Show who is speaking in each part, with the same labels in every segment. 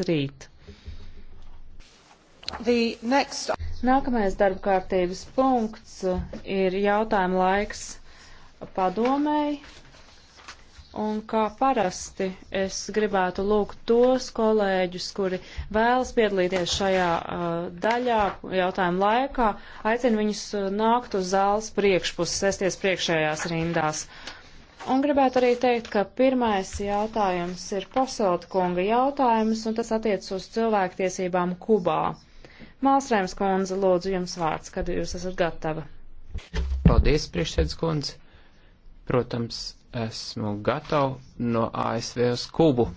Speaker 1: noteikts rīt. Next... Nākamais darba kārtības punkts uh, ir jautājuma laiks padomēji. Un kā parasti es gribētu lūgt tos kolēģus, kuri vēlas piedalīties šajā uh, daļā jautājuma laikā, aicinu viņus uh, nākt uz zāles priekšpuses, sēsties priekšējās rindās. Uh, Un gribētu arī teikt, ka pirmais jautājums ir Posolta kunga jautājums, un tas attiec uz cilvēktiesībām Kubā. Mālsrēms kundze, lūdzu jums vārds, kad jūs esat gatava.
Speaker 2: Paldies, priekšsēdz kundze. Protams, esmu gatava no ASV uz Kubu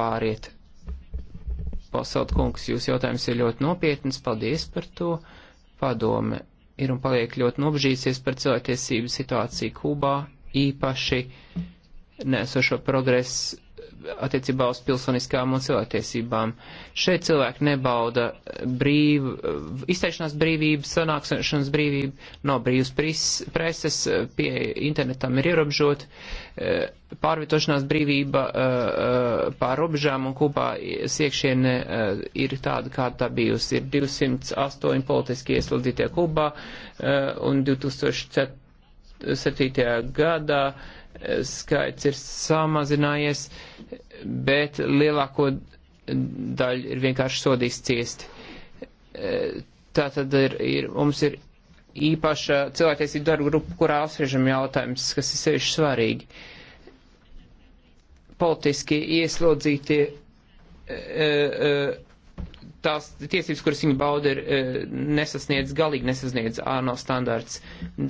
Speaker 2: pāriet. Posolta kungs, jūs jautājums ir ļoti nopietns, paldies par to. Padome ir un paliek ļoti nobežīsies par cilvēktiesību situāciju Kubā, īpaši nesošo progresu attiecībā uz pilsoniskām un cilvēktiesībām. Šeit cilvēki nebauda brīv, izteikšanās brīvību, sanāksmešanas brīvību, nav no brīvas preses, pie internetam ir ierobežot, e, pārvietošanās brīvība e, e, pār robežām un kopā siekšiene ir tāda, kāda tā bijusi. Ir 208 politiski ieslodzītie Kubā un 2004 2007. gadā eh, skaits ir samazinājies, bet lielāko daļu ir vienkārši sodīts ciesti. Eh, tā tad ir, ir, mums ir īpaša cilvēktiesību darba grupa, kurā apspriežam jautājums, kas ir sevišķi svarīgi. Politiski ieslodzītie. E, e, tās tiesības, kuras viņi bauda, ir eh, nesasniedz, galīgi nesasniedz ārno standārts.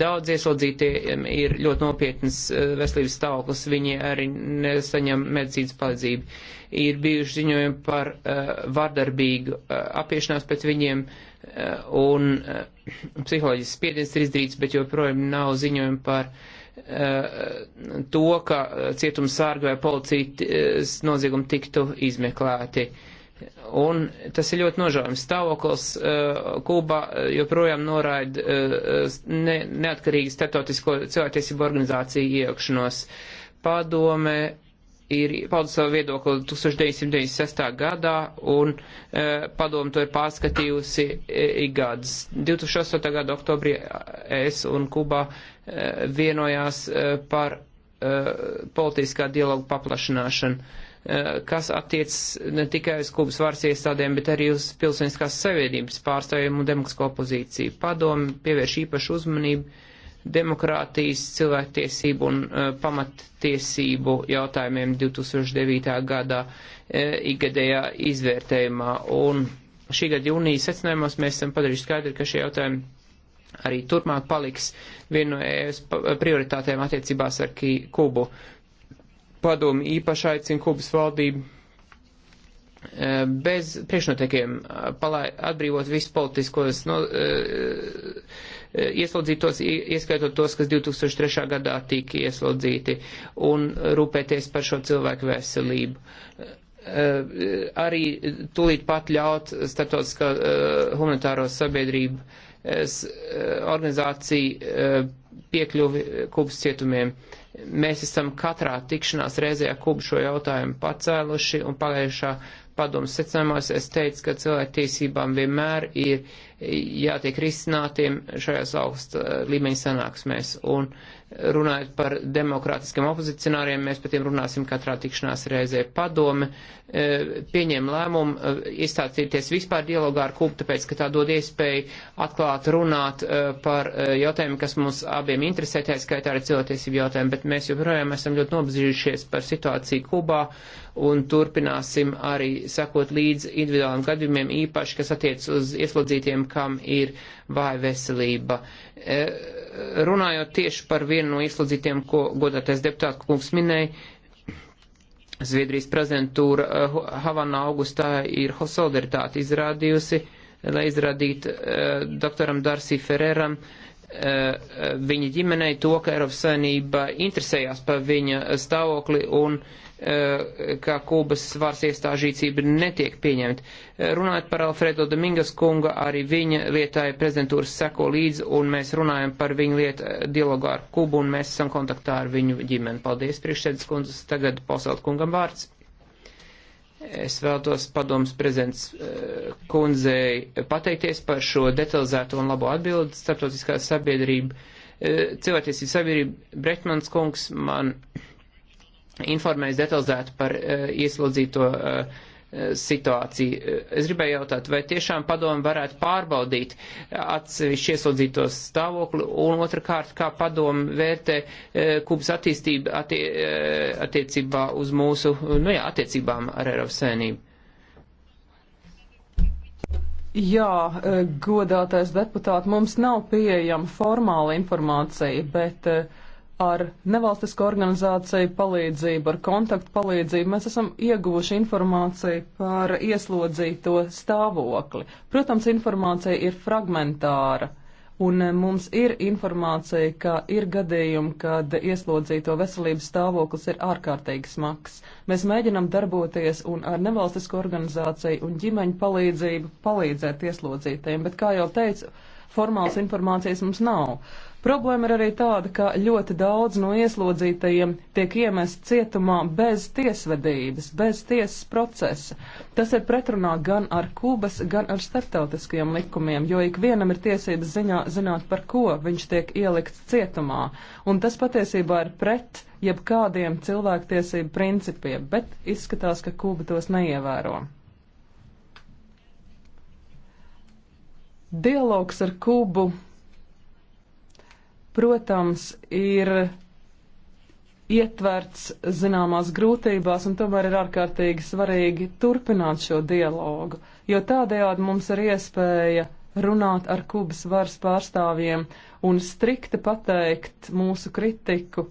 Speaker 2: Daudz ieslodzītie ir ļoti nopietnas eh, veselības stāvoklis, viņi arī nesaņem medicīnas palīdzību. Ir bijuši ziņojumi par uh, vardarbīgu uh, apiešanās pēc viņiem uh, un uh, psiholoģisks spiediens ir izdarīts, bet joprojām nav ziņojumi par uh, to, ka cietums sārga vai policijas noziegumi tiktu izmeklēti. Uh, Un tas ir ļoti nožēlojams stāvoklis. Eh, Kuba eh, joprojām noraida eh, ne, neatkarīgi starptautisko cilvēktiesību organizāciju iekšanos. Padome ir paudus savu viedokli 1996. gadā, un e, padomu to ir pārskatījusi ikgads. 2008. gada oktobrī es un Kuba e, vienojās e, par e, politiskā dialogu paplašināšanu. Eh, kas attiec ne tikai uz Kubas varas iestādēm, bet arī uz pilsoniskās savienības pārstāvjiem un demokrātisko opozīciju. Padomi pievērš īpašu uzmanību demokrātijas, cilvēktiesību un uh, pamattiesību jautājumiem 2009. gadā uh, ikgadējā izvērtējumā. Un šī gada jūnijas secinājumos mēs esam padarījuši skaidru, ka šie jautājumi arī turpmāk paliks vienu no ES prioritātēm attiecībās ar Kubu. Padomi īpaši aicina Kubas valdību eh, bez priekšnoteikiem eh, atbrīvot visus politiskos no, eh, ieslodzītos, ieskaitot tos, kas 2003. gadā tika ieslodzīti, un rūpēties par šo cilvēku veselību. Arī tūlīt pat ļaut starptautiskā humanitāro sabiedrību organizāciju piekļuvi Kubas cietumiem. Uh, Mēs esam katrā tikšanās reizē kubu šo jautājumu pacēluši, un pagājušā padomas secinājumos es teicu, ka cilvēktiesībām vienmēr ir jātiek risinātiem šajās augsta līmeņa sanāksmēs. Un runājot par demokrātiskiem opozicionāriem, mēs par tiem runāsim katrā tikšanās reizē. Padome e, pieņem lēmumu e, iestāties vispār dialogā ar Kubu, tāpēc, ka tā dod iespēju atklāt runāt e, par jautājumiem, kas mums abiem interesē, tā skaitā arī cilvēktiesību jautājumu, bet mēs joprojām esam ļoti nobežījušies par situāciju Kubā un turpināsim arī sekot līdz individuāliem gadījumiem, īpaši, kas attiec uz ieslodzītiem un kam ir vāja veselība. E, runājot tieši par vienu no ieslodzītiem, ko godātais deputāts kungs minēja, Zviedrijas prezidentūra e, Havana augustā ir solidaritāti izrādījusi, lai izrādītu uh, doktoram Darsī Ferreram uh, viņa ģimenei to, ka Eiropas Savienība interesējās par viņa stāvokli un uh, Eh, ka Kubas varas iestāžu rīcība netiek pieņemta. Eh, runājot par Alfredo Domingas kunga, arī viņa lietai prezidentūras seko līdzi, un mēs runājam par viņu lietu eh, dialogā ar Kubu, un mēs esam kontaktā ar viņu ģimeni. Paldies, priekšsēdus kundzes, tagad pasaut kungam vārds. Es vēlos padomus prezidents kundzei pateikties par šo detalizēto un labo atbildi starptautiskā sabiedrība. Cilvēktiesība sabiedrība Bretmans kungs man informējis detalizēti par uh, ieslodzīto uh, situāciju. Eh, es gribēju jautāt, vai tiešām padomu varētu pārbaudīt atsevišķi ieslodzītos stāvokli, un otrkārt, kā padomu vērtē uh, Kubas attīstību attie, uh, attiecībā uz mūsu, nu jā, attiecībām ar Eiropas Savienību.
Speaker 3: Jā, godātais deputāti, mums nav pieejama formāla informācija, bet uh, ar nevalstisko organizāciju palīdzību, ar kontaktu palīdzību mēs esam ieguvuši informāciju par ieslodzīto stāvokli. Protams, informācija ir fragmentāra. Un mums ir informācija, ka ir gadījumi, kad ieslodzīto veselības stāvoklis ir ārkārtīgi smags. Mēs mēģinam darboties un ar nevalstisko organizāciju un ģimeņu palīdzību palīdzēt ieslodzītajiem, bet, kā jau teicu, formāls informācijas mums nav. Problēma ir arī tāda, ka ļoti daudz no ieslodzītajiem tiek iemest cietumā bez tiesvedības, bez tiesas procesa. Tas ir pretrunā gan ar Kūbas, gan ar starptautiskajiem likumiem, jo ikvienam ir tiesības ziņā, zināt, par ko viņš tiek ielikts cietumā. Un tas patiesībā ir pret jebkādiem cilvēktiesību principiem, bet izskatās, ka Kūba tos neievēro. Dialogs ar Kubu protams, ir ietverts zināmās grūtībās, un tomēr ir ārkārtīgi svarīgi turpināt šo dialogu, jo tādējādi mums ir iespēja runāt ar Kubas varas pārstāvjiem un strikti pateikt mūsu kritiku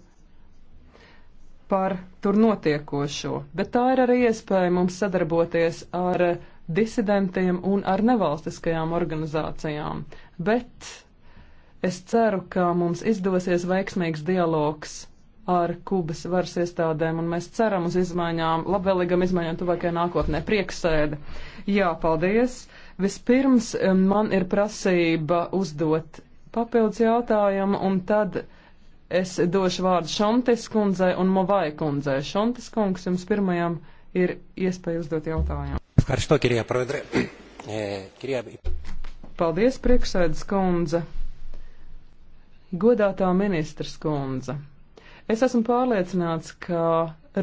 Speaker 3: par tur notiekošo. Bet tā ir arī iespēja mums sadarboties ar disidentiem un ar nevalstiskajām organizācijām. Bet Es ceru, ka mums izdosies veiksmīgs dialogs ar Kubas varas iestādēm, un mēs ceram uz izmaiņām, labvēlīgām izmaiņām tuvākajā nākotnē. Prieksēde. Jā, paldies. Vispirms um, man ir prasība uzdot papildus jautājumu, un tad es došu vārdu Šontes kundzei un Movai kundzei. Šontes kungs, jums pirmajam ir iespēja uzdot jautājumu. Paldies, priekšsēdes kundze. Godātā ministrs kundze, es esmu pārliecināts, ka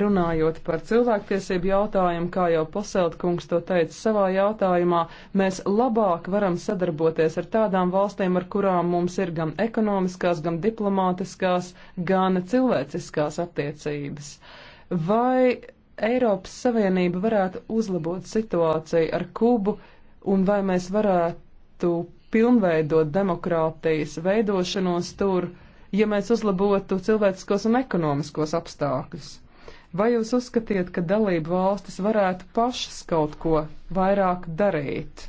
Speaker 3: runājot par cilvēktiesību jautājumu, kā jau Poselt kungs to teica savā jautājumā, mēs labāk varam sadarboties ar tādām valstīm, ar kurām mums ir gan ekonomiskās, gan diplomātiskās, gan cilvēciskās attiecības. Vai Eiropas Savienība varētu uzlabot situāciju ar Kubu, un vai mēs varētu pilnveidot demokrātijas veidošanos tur, ja mēs uzlabotu cilvēciskos un ekonomiskos apstākļus? Vai jūs uzskatiet, ka dalību valstis varētu pašas kaut ko vairāk darīt?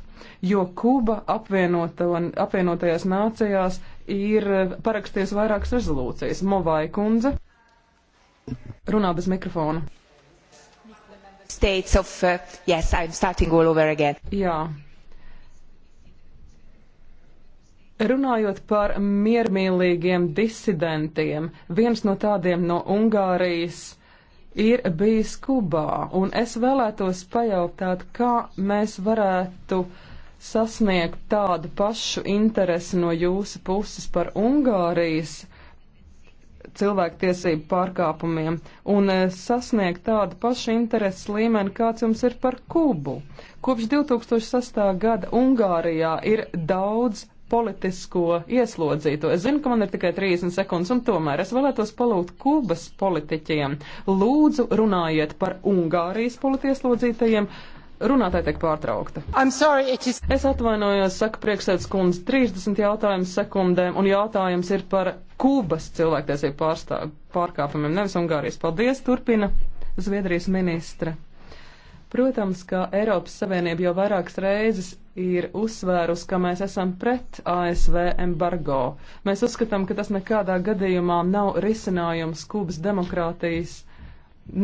Speaker 3: Jo Kuba apvienotajās nācijās ir parakstījusi vairākas rezolūcijas. Movai kundze runā bez mikrofona. Of, uh, yes, Jā, Runājot par miermīlīgiem disidentiem, viens no tādiem no Ungārijas ir bijis Kubā, un es vēlētos pajautāt, kā mēs varētu sasniegt tādu pašu interesi no jūsu puses par Ungārijas cilvēktiesību pārkāpumiem un eh, sasniegt tādu pašu intereses līmeni, kāds jums ir par Kubu. Kopš 2006. gada Ungārijā ir daudz politisko ieslodzīto. Es zinu, ka man ir tikai 30 sekundes, un tomēr es vēlētos palūgt Kubas politiķiem. Lūdzu, runājiet par Ungārijas politieslodzītajiem. Runātāji tiek pārtraukta. I'm sorry, is... Es atvainojos, saka priekšsēdus kundze, 30 jautājumu sekundēm, un jautājums ir par Kubas cilvēktiesību pārstā... pārkāpumiem, nevis Ungārijas. Paldies, turpina Zviedrijas ministra. Protams, ka Eiropas Savienība jau vairākas reizes ir uzsvērus, ka mēs esam pret ASV embargo. Mēs uzskatām, ka tas nekādā gadījumā nav risinājums Kubas demokrātijas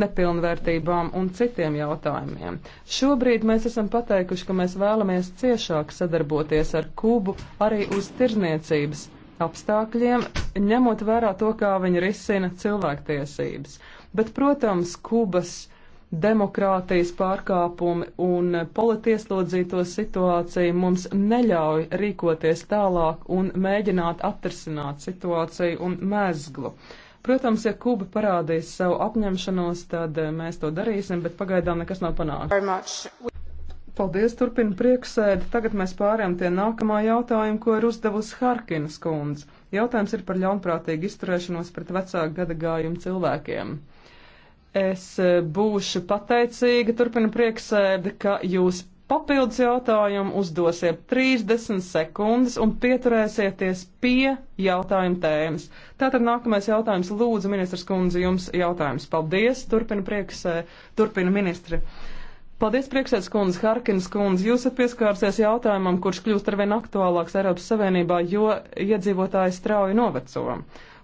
Speaker 3: nepilnvērtībām un citiem jautājumiem. Šobrīd mēs esam pateikuši, ka mēs vēlamies ciešāk sadarboties ar Kubu arī uz tirzniecības apstākļiem, ņemot vērā to, kā viņi risina cilvēktiesības. Bet, protams, Kubas uh, demokrātijas pārkāpumi un politieslodzīto situācija mums neļauj rīkoties tālāk un mēģināt atrisināt situāciju un mezglu. Protams, ja Kuba parādīs savu apņemšanos, tad eh, mēs to darīsim, bet pagaidām nekas nav panākts. Paldies, turpina prieksēdi. Tagad mēs pārējām pie nākamā jautājuma, ko ir uzdevusi Harkinas kundze. Jautājums ir par ļaunprātīgu izturēšanos pret vecāku gadagājumu cilvēkiem. Es e, būšu pateicīga, turpina prieksēde, ka jūs papildus jautājumu uzdosiet 30 sekundes un pieturēsieties pie jautājuma tēmas. Tātad nākamais jautājums lūdzu, ministrs kundze, jums jautājums. Paldies, turpina prieksē, turpina ministri. Paldies, priekšsēdus kundze, Harkins kundze. Jūs esat pieskārsies jautājumam, kurš kļūst arvien aktuālāks Eiropas Savienībā, jo iedzīvotāji strauji noveco.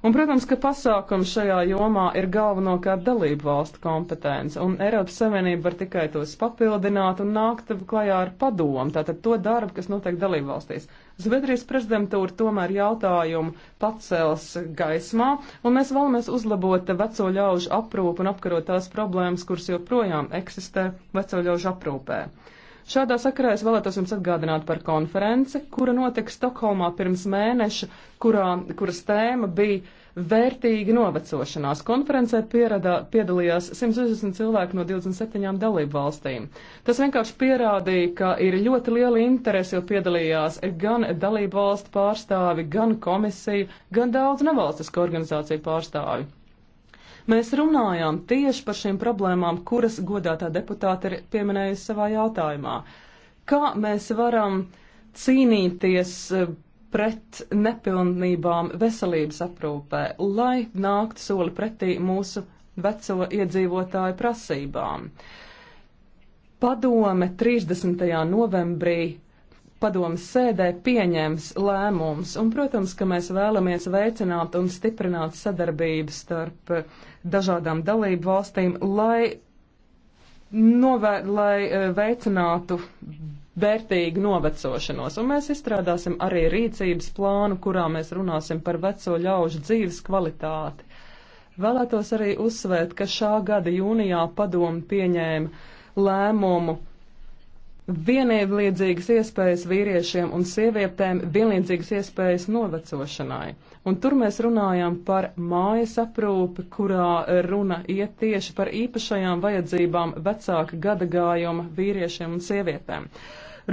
Speaker 3: Un, protams, ka pasākums šajā jomā ir galvenokārt dalību valstu kompetence, un Eiropas Savienība var tikai tos papildināt un nākt klajā ar padomu, tātad to darbu, kas notiek dalību valstīs. Zviedrijas prezidentūra tomēr jautājumu pacels gaismā, un mēs vēlamies uzlabot veco ļaužu aprūpu un apkarot tās problēmas, kuras joprojām eksistē veco ļaužu aprūpē. Šādā sakarā es vēlētos jums atgādināt par konferenci, kura notika Stokholmā pirms mēneša, kurā, kuras tēma bija vērtīga novecošanās. Konferencē pieradā, piedalījās 160 cilvēki no 27 dalību valstīm. Tas vienkārši pierādīja, ka ir ļoti liela interese, jo piedalījās gan dalību valstu pārstāvi, gan komisija, gan daudz nevalstisko organizāciju pārstāvi. Mēs runājām tieši par šīm problēmām, kuras godātā deputāte ir pieminējusi savā jautājumā. Kā mēs varam cīnīties eh, pret nepilnībām veselības aprūpē, lai nākt soli pretī mūsu veco iedzīvotāju prasībām? Padome 30. novembrī padomas sēdē pieņems lēmums, un, protams, ka mēs vēlamies veicināt un stiprināt sadarbību starp dažādām dalību valstīm, lai, novēr, lai e, veicinātu vērtīgu novecošanos. Un mēs izstrādāsim arī rīcības plānu, kurā mēs runāsim par veco ļaužu dzīves kvalitāti. Vēlētos arī uzsvērt, ka šā gada jūnijā padomu pieņēma lēmumu vienlīdzīgas iespējas vīriešiem un sievietēm, vienlīdzīgas iespējas novecošanai. Un tur mēs runājam par mājas aprūpi, kurā runa iet tieši par īpašajām vajadzībām vecāka gadagājuma vīriešiem un sievietēm.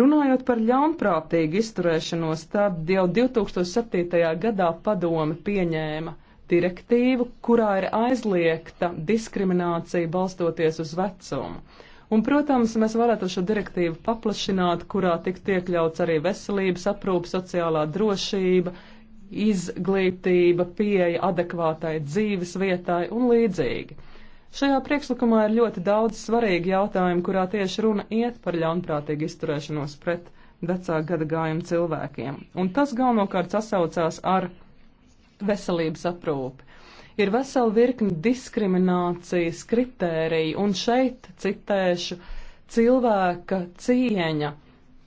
Speaker 3: Runājot par ļaunprātīgu izturēšanos, tad jau 2007. gadā padome pieņēma direktīvu, kurā ir aizliegta diskriminācija balstoties uz vecumu. Un, protams, mēs varētu šo direktīvu paplašināt, kurā tiktu iekļauts arī veselības aprūpe, sociālā drošība, izglītība, pieeja adekvātai dzīves vietai un līdzīgi. Šajā priekšlikumā ir ļoti daudz svarīgi jautājumi, kurā tieši runa iet par ļaunprātīgu izturēšanos pret vecāku gadagājumu cilvēkiem. Un tas galvenokārt sasaucās ar veselības aprūpi ir vesela virkni diskriminācijas kritēriju, un šeit citēšu cilvēka cieņa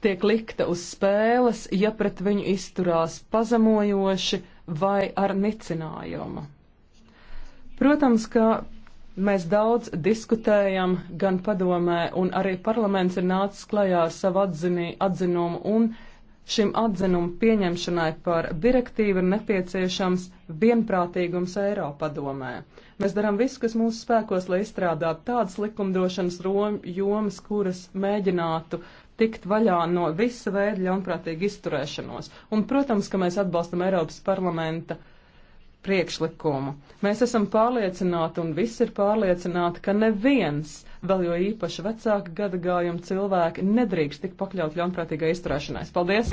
Speaker 3: tiek likta uz spēles, ja pret viņu izturās pazemojoši vai ar nicinājumu. Protams, ka mēs daudz diskutējam gan padomē, un arī parlaments ir nācis klajā ar savu atzinī, atzinumu un Šim atzinumu pieņemšanai par direktīvu ir nepieciešams vienprātīgums Eiropadomē. Mēs darām visu, kas mūsu spēkos, lai izstrādātu tādas likumdošanas jomas, kuras mēģinātu tikt vaļā no visa veida ļaunprātīga izturēšanos. Un, protams, ka mēs atbalstam Eiropas parlamenta priekšlikumu. Mēs esam pārliecināti, un visi ir pārliecināti, ka neviens vēl jo īpaši vecāku gadagājumu cilvēki
Speaker 1: nedrīkst tik pakļaut ļaunprātīgai izturēšanai. Paldies!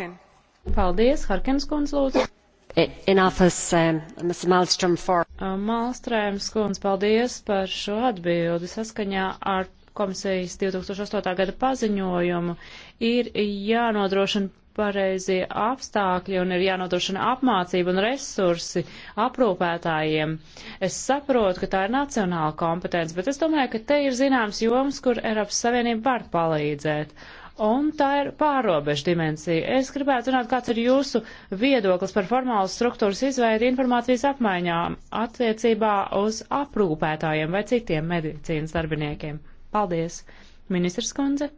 Speaker 1: Paldies, Harkins kundz lūdzu! In office, um, Mr. Malmström for. Uh, Malmstrēms kundz, paldies par šo atbildi saskaņā ar komisijas 2008. gada paziņojumu. Ir jānodrošina pareizie apstākļi un ir jānodrošina apmācība un resursi aprūpētājiem. Es saprotu, ka tā ir nacionāla kompetence, bet es domāju, ka te ir zināms joms, kur Eiropas Savienība var palīdzēt. Un tā ir pārobežu dimensija. Es gribētu zināt, kāds ir jūsu viedoklis par formālu struktūras izveidi informācijas apmaiņā attiecībā uz aprūpētājiem vai citiem medicīnas darbiniekiem. Paldies, ministrs Konze!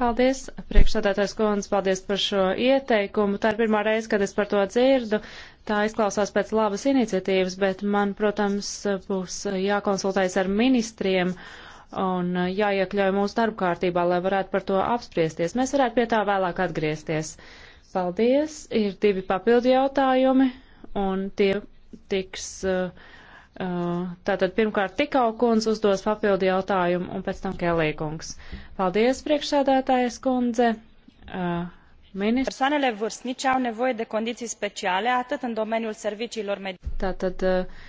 Speaker 1: Paldies, priekšsādātais kundze, paldies par šo ieteikumu. Tā ir pirmā reize, kad es par to dzirdu. Tā izklausās pēc labas iniciatīvas, bet man, protams, būs jākonsultējas ar ministriem un jāiekļauj mūsu darba kārtībā, lai varētu par to apspriesties. Mēs varētu pie tā vēlāk atgriezties. Paldies, ir divi papildu jautājumi, un tie tiks uh, Uh, tātad pirmkārt Tikau kundze uzdos papildu jautājumu un pēc tam Kelī kungs. Paldies, priekšsēdētājas kundze. Uh, Ministrs. Persoanele vârstnice au nevoie de condiții speciale atât în domeniul serviciilor medicale. Tātad uh,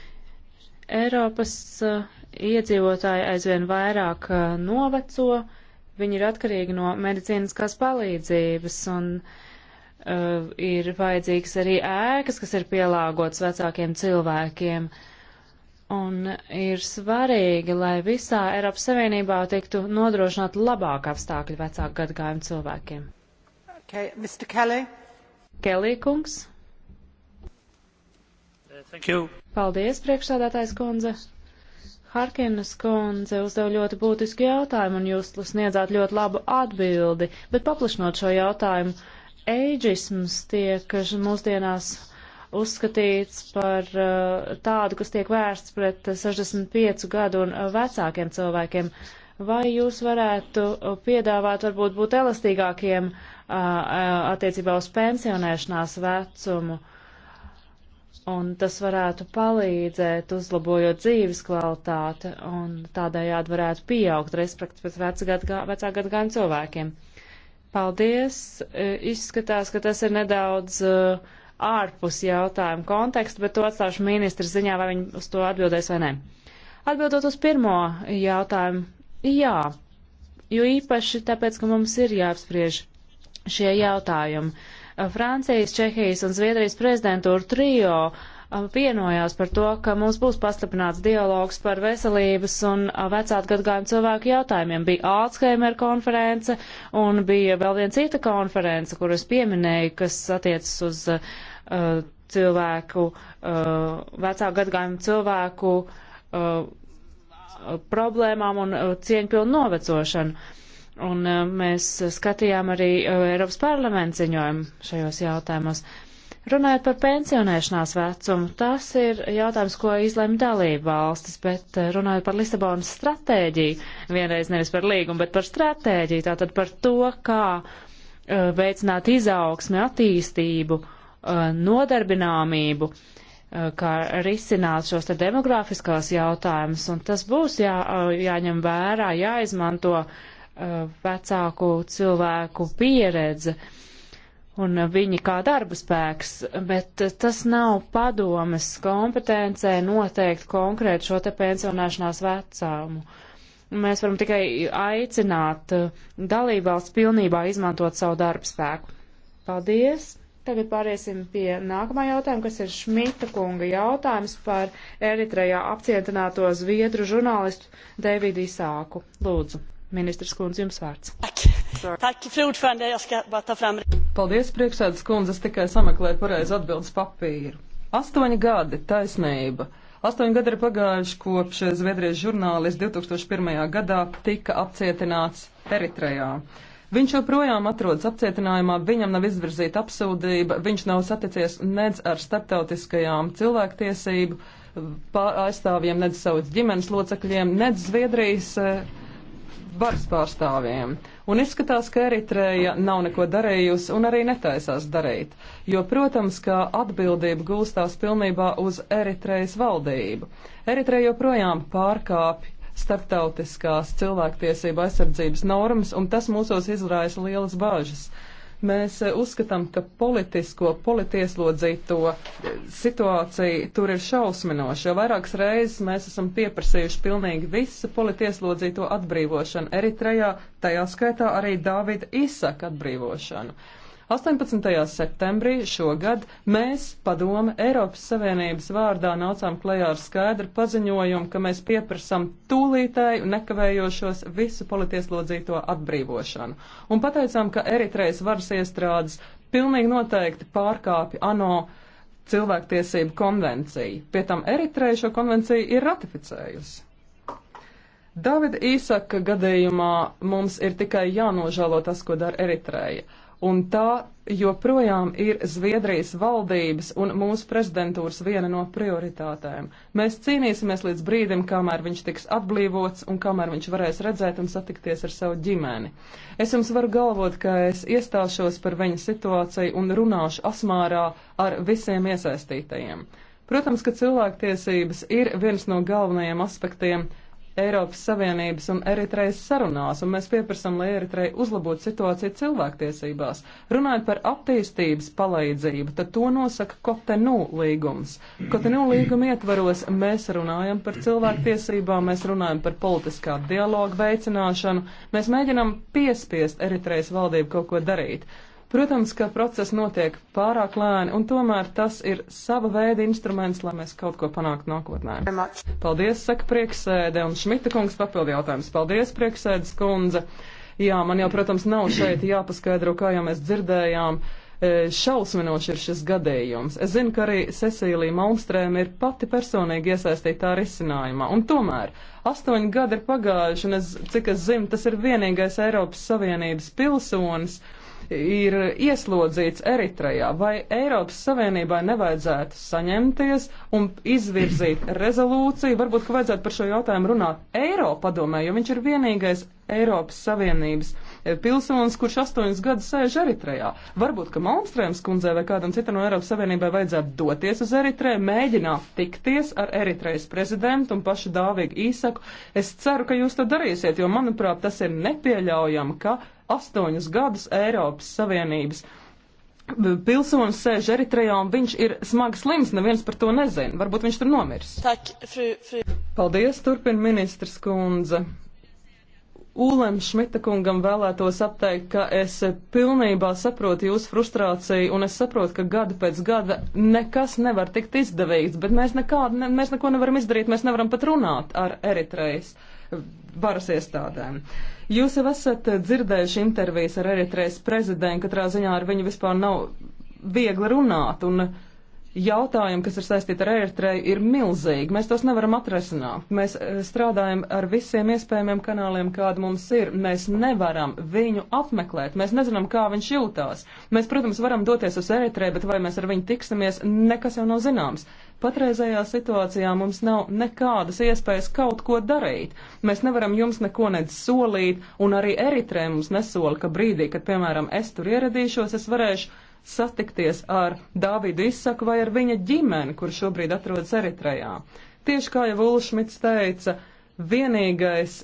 Speaker 1: Eiropas iedzīvotāji aizvien vairāk noveco, viņi ir atkarīgi no medicīniskās palīdzības un uh, ir vajadzīgas arī ēkas, kas ir pielāgotas vecākiem cilvēkiem. Uh, Un ir svarīgi, lai visā Eiropas Savienībā tiktu nodrošināt labāk apstākļi vecāku gadgājumu cilvēkiem. Okay, Mr. Kelly. Kelly kungs. Thank you. Paldies, priekšsādātājs kundze. Harkinas kundze uzdev ļoti būtisku jautājumu, un jūs sniedzāt ļoti labu atbildi, bet paplašinot šo jautājumu, eidžisms tiek mūsdienās. Uh, uzskatīts par eh, tādu, kas tiek vērsts pret 65 gadu un eh, vecākiem cilvēkiem. Vai jūs varētu eh, piedāvāt varbūt būt elastīgākiem attiecībā uz pensionēšanās vecumu? Un tas varētu palīdzēt, uzlabojot dzīves kvalitāti, un tādējādi varētu pieaugt respekts pēc vecā gada gan cilvēkiem. Paldies! Izskatās, ka tas ir nedaudz uh, ārpus jautājumu kontekstu, bet to atstāšu ministra ziņā, vai viņi uz to atbildēs vai nē. Atbildot uz pirmo jautājumu, jā, jo īpaši tāpēc, ka mums ir jāapspriež šie jautājumi. Francijas, Čehijas un Zviedrijas prezidentūra trijo vienojās par to, ka mums būs pastiprināts dialogs par veselības un vecāku gadgājumu cilvēku jautājumiem. Bija Alzheimer konference un bija vēl viena cita konference, kuras pieminēju, kas attiecas uz uh, uh, cilvēku, uh, vecāku gadgājumu cilvēku uh, problēmām un uh, cieņpilnu novecošanu. Un uh, mēs skatījām arī uh, Eiropas parlamenta ziņojumu šajos jautājumos. Runājot par pensionēšanās vecumu, tas ir jautājums, ko izlēma dalība valstis, bet uh, runājot par Lisabonas stratēģiju, vienreiz nevis par līgumu, bet par stratēģiju, tātad par to, kā uh, veicināt izaugsmi, attīstību uh, Uh, nodarbināmību, uh, kā risināt šos te demografiskos jautājumus, un tas būs jā, uh, jāņem vērā, jāizmanto vecāku cilvēku pieredze un viņi kā darba spēks, bet tas nav padomes kompetencē noteikt konkrēti šo te pensionēšanās vecumu. Mēs varam tikai aicināt dalībvalsts pilnībā izmantot savu darba spēku. Paldies! Tagad pāriesim pie nākamā jautājuma, kas ir Šmita kunga jautājums par Eritrejā apcietināto zviedru žurnālistu Deividu Isāku. Lūdzu, ministrs kundze, jums vārds. Paldies,
Speaker 3: priekšsēdas kundze, es tikai sameklēju pareizi atbildes papīru. Astoņi gadi, taisnība. Astoņi gadi ir pagājuši kopš Zviedrijas žurnālists 2001. gadā tika apcietināts Eritrejā. Viņš joprojām atrodas apcietinājumā, viņam nav izvirzīta apsūdība, viņš nav saticies nedz ar starptautiskajām cilvēktiesību aizstāvjiem, nedz savas ģimenes locekļiem, nedz Zviedrijas eh, varas pārstāvjiem. Un izskatās, ka Eritreja nav neko darījusi un arī netaisās darīt, jo, protams, ka atbildība gulstās pilnībā uz Eritrejas valdību. Eritreja joprojām pārkāpj starptautiskās cilvēktiesība aizsardzības normas, un tas mūsos izraisa lielas bāžas. Mēs eh, uzskatām, ka politisko, politieslodzīto eh, situācija tur ir šausminoša. Vairākas reizes mēs esam pieprasījuši pilnīgi visu politieslodzīto atbrīvošanu Eritrejā, tajā skaitā arī Dāvida Isaka atbrīvošanu. Uh, 18. septembrī šogad mēs, padome, Eiropas Savienības vārdā nācām klajā ar skaidru paziņojumu, ka mēs pieprasam tūlītēju nekavējošos visu politieslodzīto atbrīvošanu. Un pateicām, ka Eritrejas varas iestrādes pilnīgi noteikti pārkāpja ANO cilvēktiesību konvenciju. Pie tam Eritreja šo konvenciju ir ratificējusi. Davida īsaka gadījumā mums ir tikai jānožēlo tas, ko dara Eritreja un tā joprojām ir Zviedrijas valdības un mūsu prezidentūras viena no prioritātēm. Mēs cīnīsimies līdz brīdim, kamēr viņš tiks atbrīvots un kamēr viņš varēs redzēt un satikties ar savu ģimeni. Es jums varu galvot, ka es iestāšos par viņa situāciju un runāšu asmārā ar visiem iesaistītajiem. Protams, ka cilvēktiesības ir viens no galvenajiem aspektiem Eiropas Savienības un Eritrejas sarunās, un mēs pieprasam, lai Eritreja uzlabotu situāciju cilvēktiesībās. Runājot par attīstības palīdzību, tad to nosaka Kotenu līgums. Kotenu līguma ietvaros mēs runājam par cilvēktiesībām, mēs runājam par politiskā dialoga veicināšanu, mēs mēģinam piespiest Eritrejas valdību kaut ko darīt. Protams, ka process notiek pārāk lēni, un tomēr tas ir sava veida instruments, lai mēs kaut ko panāktu nākotnē. Paldies, saka prieksēde, un Šmita kungs papildi jautājums. Paldies, prieksēdes kundze. Jā, man jau, protams, nav šeit jāpaskaidro, kā jau mēs dzirdējām e, šausminoši ir šis gadījums. Es zinu, ka arī Cecīlija Malmstrēma ir pati personīgi iesaistītā risinājumā. Un tomēr astoņi gadi ir pagājuši, un es, cik es zinu, tas ir vienīgais Eiropas Savienības pilsonis, ir ieslodzīts Eritrejā, vai Eiropas Savienībai nevajadzētu saņemties un izvirzīt rezolūciju, varbūt, ka vajadzētu par šo jautājumu runāt Eiropadomē, jo viņš ir vienīgais Eiropas Savienības eh, pilsonis, kurš astoņus gadus sēž Eritrejā. Varbūt, ka Malmstrēms kundzei vai kādam citam no Eiropas Savienībai vajadzētu doties uz Eritreju, mēģināt tikties ar Eritrejas prezidentu un pašu dāvīgu īsaku. Es ceru, ka jūs to darīsiet, jo, manuprāt, tas ir nepieļaujami, ka astoņus gadus Eiropas Savienības pilsonis sēž Eritrejā un viņš ir smagi slims, neviens par to nezina. Varbūt viņš tur nomirs.
Speaker 1: Tak, fru, fru.
Speaker 3: Paldies, turpina ministrs kundze. Ulem Šmita kungam vēlētos apteikt, ka es pilnībā saprotu jūsu frustrāciju un es saprotu, ka gada pēc gada nekas nevar tikt izdevīts, bet mēs, nekādu, ne, mēs neko nevaram izdarīt, mēs nevaram pat runāt ar Eritrejas varas iestādēm. Jūs jau esat dzirdējuši intervijas ar Eritrejas prezidentu, katrā ziņā ar viņu vispār nav viegli runāt. Un, uh, jautājumi, kas ir saistīti ar Eritreju, ir milzīgi. Mēs tos nevaram atrasināt. Mēs eh, strādājam ar visiem iespējamiem kanāliem, kāda mums ir. Mēs nevaram viņu apmeklēt. Mēs nezinām, kā viņš jūtās. Mēs, protams, varam doties uz Eritreju, bet vai mēs ar viņu tiksimies, nekas jau nav zināms. Patreizējā situācijā mums nav nekādas iespējas kaut ko darīt. Mēs nevaram jums neko nedz solīt, un arī Eritreja mums nesola, ka brīdī, kad, piemēram, es tur ieradīšos, es varēšu satikties ar Dāvidu Isaku vai ar viņa ģimeni, kur šobrīd atrodas Eritrejā. Tieši kā jau Ulšmits teica, vienīgais,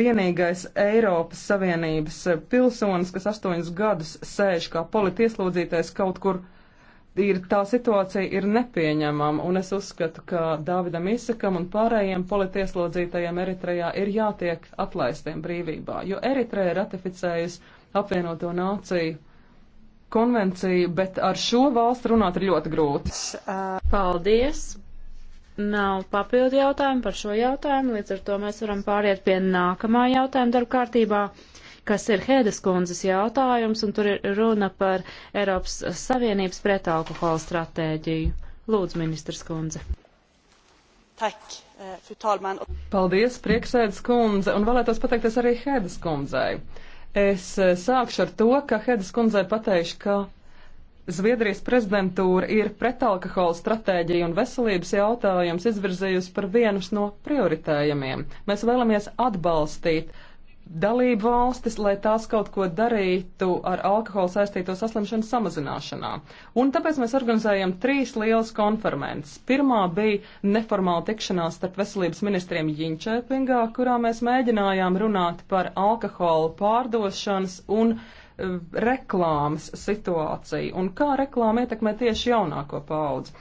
Speaker 3: vienīgais Eiropas Savienības pilsonis, kas astoņus gadus sēž kā politieslodzītais kaut kur, ir tā situācija ir nepieņemama, un es uzskatu, ka Dāvidam Isakam un pārējiem politieslodzītajiem Eritrejā ir jātiek atlaistiem brīvībā, jo Eritreja ratificējusi apvienoto nāciju konvenciju, bet ar šo valstu runāt ir ļoti grūti.
Speaker 1: Paldies! Nav papildu jautājumu par šo jautājumu, līdz ar to mēs varam pāriet pie nākamā jautājuma darba kārtībā, kas ir Hēdes kundzes jautājums, un tur ir runa par Eiropas Savienības pretalkohola stratēģiju. Lūdzu, ministrs kundze. Tak, eh, fru talman. Paldies, prieksēdes kundze, un
Speaker 3: vēlētos pateikties arī Hēdes kundzei. Es eh, sākšu ar to, ka Hedas kundzei pateikšu, ka Zviedrijas prezidentūra ir pretalkohola stratēģija un veselības jautājums izvirzījusi par vienu no prioritējumiem. Mēs vēlamies atbalstīt dalību valstis, lai tās kaut ko darītu ar alkoholu saistīto saslimšanu samazināšanā. Un tāpēc mēs organizējam trīs lielas konferences. Pirmā bija neformāla tikšanās starp veselības ministriem Jinčēpingā, kurā mēs mēģinājām runāt par alkoholu pārdošanas un uh, Eh, reklāmas situāciju un kā reklāma ietekmē tieši jaunāko paudzi.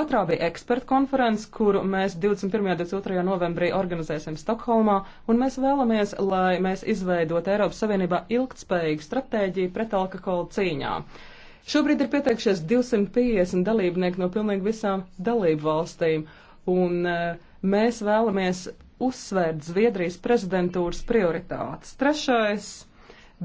Speaker 3: Otrā bija eksperta konferences, kuru mēs 21. un 22. novembrī organizēsim Stokholmā, un mēs vēlamies, lai mēs izveidot Eiropas Savienībā ilgtspējīgu stratēģiju pret alkoholu cīņā. Šobrīd ir pieteikšies 250 dalībnieki no pilnīgi visām dalību valstīm, un eh, mēs vēlamies uzsvērt Zviedrijas prezidentūras prioritātes. Trešais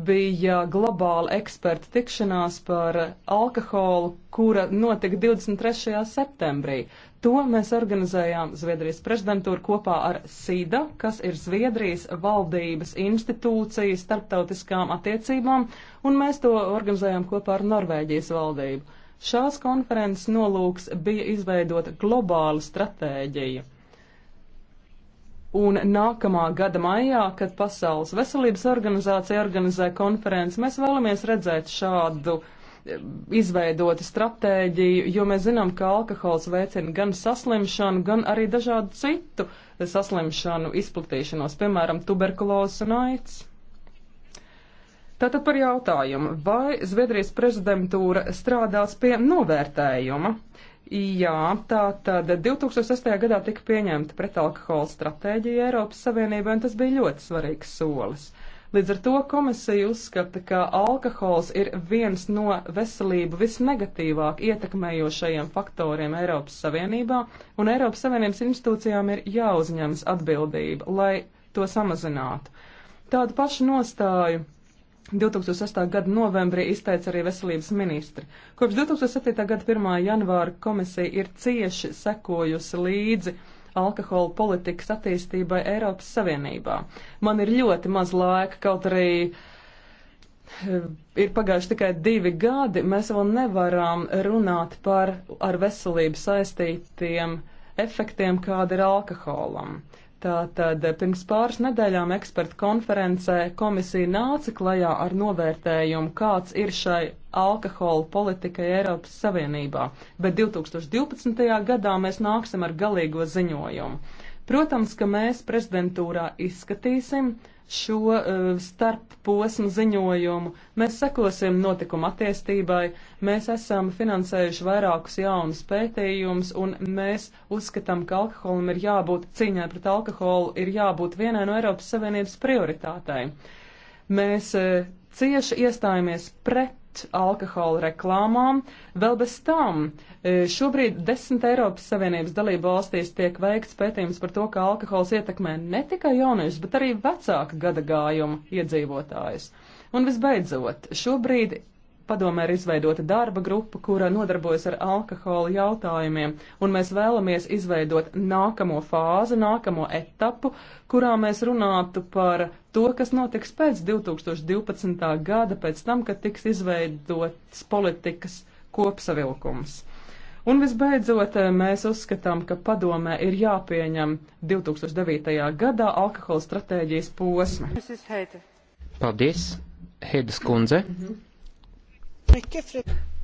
Speaker 3: bija globāla eksperta tikšanās par alkoholu, kura notika 23. septembrī. To mēs organizējām Zviedrijas prezidentūru kopā ar SIDA, kas ir Zviedrijas valdības institūcija starptautiskām attiecībām, un mēs to organizējām kopā ar Norvēģijas valdību. Šās konferences nolūks bija izveidot globālu stratēģiju Un nākamā gada maijā, kad Pasaules veselības organizācija organizē konferenci, mēs vēlamies redzēt šādu e, izveidotu stratēģiju, jo mēs zinām, ka alkohols veicina gan saslimšanu, gan arī dažādu citu saslimšanu izplatīšanos, piemēram, tuberkulozes un aids. Tātad par jautājumu, vai Zviedrijas prezidentūra strādās pie novērtējuma? Uh, Jā, tā tad 2008. gadā tika pieņemta pretalkohola stratēģija Eiropas Savienībā, un tas bija ļoti svarīgs solis. Līdz ar to komisija uzskata, ka alkohols ir viens no veselību visnegatīvāk ietekmējošajiem faktoriem Eiropas Savienībā, un Eiropas Savienības institūcijām ir jāuzņemas atbildība, lai to samazinātu. Tādu pašu nostāju 2008. gada novembrī izteica arī veselības ministri. Kopš 2007. gada 1. janvāra komisija ir cieši sekojusi līdzi alkohola politikas attīstībai Eiropas Savienībā. Man ir ļoti maz laika, kaut arī eh, ir pagājuši tikai divi gadi, mēs vēl nevaram runāt par ar veselību saistītiem efektiem, kāda ir alkoholam. Tātad pirms pāris nedēļām eksperta konferencē komisija nāca klajā ar novērtējumu, kāds ir šai alkohola politikai Eiropas Savienībā, bet 2012. gadā mēs nāksim ar galīgo ziņojumu. Protams, ka mēs prezidentūrā izskatīsim šo uh, starpposmu ziņojumu. Mēs sekosim notikuma attīstībai, mēs esam finansējuši vairākus jaunus pētījumus, un mēs uzskatām, ka alkoholam ir jābūt cīņai pret alkoholu, ir jābūt vienai no Eiropas Savienības prioritātei. Mēs uh, cieši iestājāmies pret pret alkohola reklāmām. Vēl bez tam e, šobrīd desmit Eiropas Savienības dalību valstīs tiek veikts pētījums par to, ka alkohols ietekmē ne tikai jauniešus, bet arī vecāku gadagājumu iedzīvotājus. Un visbeidzot, šobrīd padomē ir izveidota darba grupa, kura nodarbojas ar alkohola jautājumiem, un mēs vēlamies izveidot nākamo fāzi, nākamo etapu, kurā mēs runātu par to, kas notiks pēc 2012. gada, pēc tam, kad tiks izveidots politikas kopsavilkums. Un visbeidzot, eh, mēs uzskatām, ka padomē ir jāpieņem 2009. gadā alkohola stratēģijas posma. Paldies, Hedas kundze.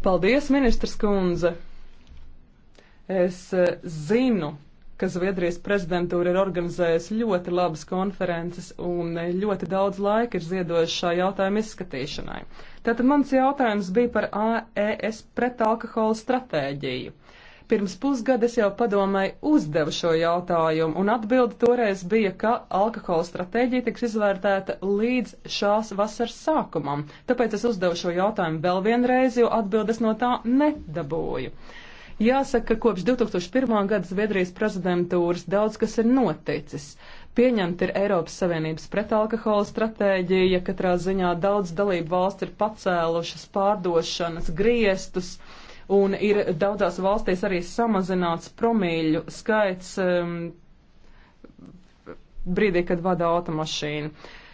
Speaker 3: Paldies, ministrs kundze. Es eh, zinu, ka Zviedrijas prezidentūra ir organizējusi ļoti labas konferences un ļoti daudz laika ir ziedojusi šā jautājuma izskatīšanai. Tātad mans jautājums bija par AES pretalkohola stratēģiju. Pirms pusgada es jau padomēju uzdevu šo jautājumu, un atbildi toreiz bija, ka alkohola stratēģija tiks izvērtēta līdz šās vasaras sākumam. Tāpēc es uzdevu šo jautājumu vēl vienreiz, jo atbildes no tā nedabūju. Uh, Jāsaka, ka kopš 2001. gada Zviedrijas prezidentūras daudz kas ir noticis. Pieņemta ir Eiropas Savienības pretalkohola stratēģija, katrā ziņā daudz dalību valsts ir pacēlušas pārdošanas griestus, un ir daudzās valstīs arī samazināts promīļu skaits um, brīdī, kad vada automašīnu.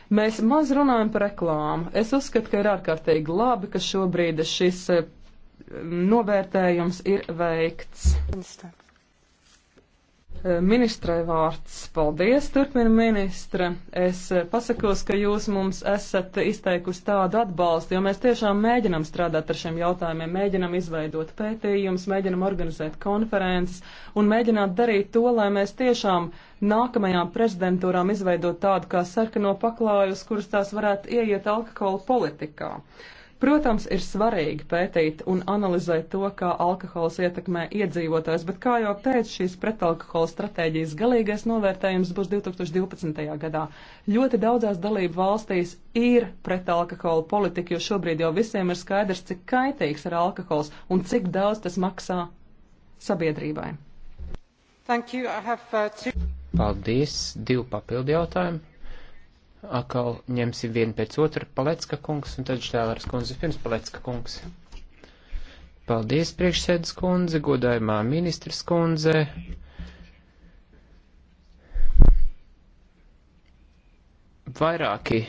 Speaker 3: Mēs maz runājam par reklāmu. Es uzskatu, ka ir ārkārtīgi labi, ka šobrīd šis novērtējums ir veikts. Ministra. Eh, Ministrai vārds paldies, turpina ministre. Es eh, pasakos, ka jūs mums esat izteikusi tādu atbalstu, jo mēs tiešām mēģinam strādāt ar šiem jautājumiem, mēģinam izveidot pētījumus, mēģinam organizēt konferences un mēģināt darīt to, lai mēs tiešām nākamajām prezidentūrām izveidot tādu kā sarkano paklājus, kuras tās varētu ieiet alkohola politikā. Uh, Protams, ir svarīgi pētīt un analizēt to, kā alkohols ietekmē iedzīvotājs, bet, kā jau teicu, šīs pretalkohola stratēģijas galīgais novērtējums būs 2012. gadā. Ļoti daudzās dalību valstīs ir pretalkohola politika, jo šobrīd jau visiem ir skaidrs, cik kaitīgs ir alkohols un cik daudz tas maksā sabiedrībai.
Speaker 2: Have, uh, two... Paldies. Divi papildi jautājumi. Akal ņemsim vienu pēc otru Palecka kungs un tad Štēlers kundze pirms Palecka kungs. Paldies priekšsēdas kundze, godājumā ministrs kundze. Vairāki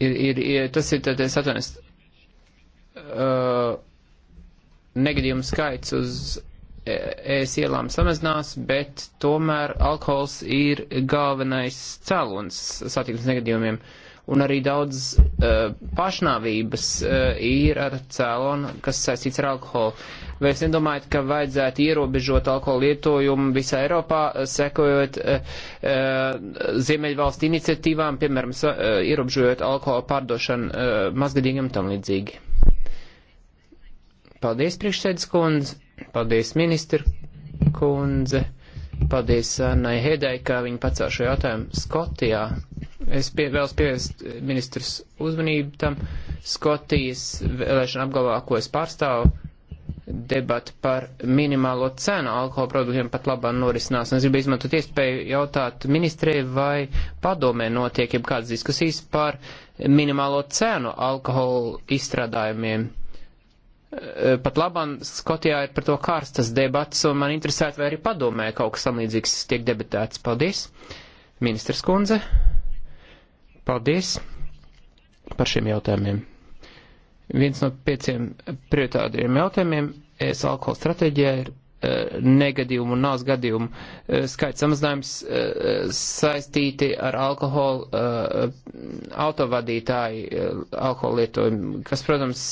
Speaker 2: ir, ir, ir tas ir tāds atvainojums uh, negadījumu skaits uz es ielām samazinās, bet tomēr alkohols ir galvenais cēlons satiksmes negadījumiem. Un arī daudz uh, pašnāvības uh, ir ar cēlonu, kas saistīts ar alkoholu. Vai es nedomāju, ka vajadzētu ierobežot alkoholu lietojumu visā Eiropā, sekojot uh, uh, Ziemeļvalstu iniciatīvām, piemēram, uh, ierobežojot alkohola pārdošanu uh, mazgadīgiem tam līdzīgi? Paldies, priekšsēdus kundze! Paldies, ministra kundze. Paldies Annai Hedai, kā viņa pacēla šo jautājumu Skotijā. Es pie, vēlos pievērst ministrs uzmanību tam. Skotijas vēlēšana apgalvā, ko es pārstāvu, debata par minimālo cenu alkohola produktiem pat labāk norisinās. Un es gribu izmantot iespēju jautāt ministrei, vai padomē notiek jau kādas diskusijas par minimālo cenu alkohola izstrādājumiem. Eh, pat labam Skotijā ir par to kārstas debats, un man interesētu, vai arī padomē kaut kas samlīdzīgs tiek debatēts. Paldies, ministrs kundze. Paldies par šiem jautājumiem. Viens no pieciem prioritāriem jautājumiem es alkohola stratēģijā ir eh, negadījumu un nāves gadījumu eh, skaits samazinājums saistīti ar alkoholu autovadītāju alkoholu lietojumu, kas, protams,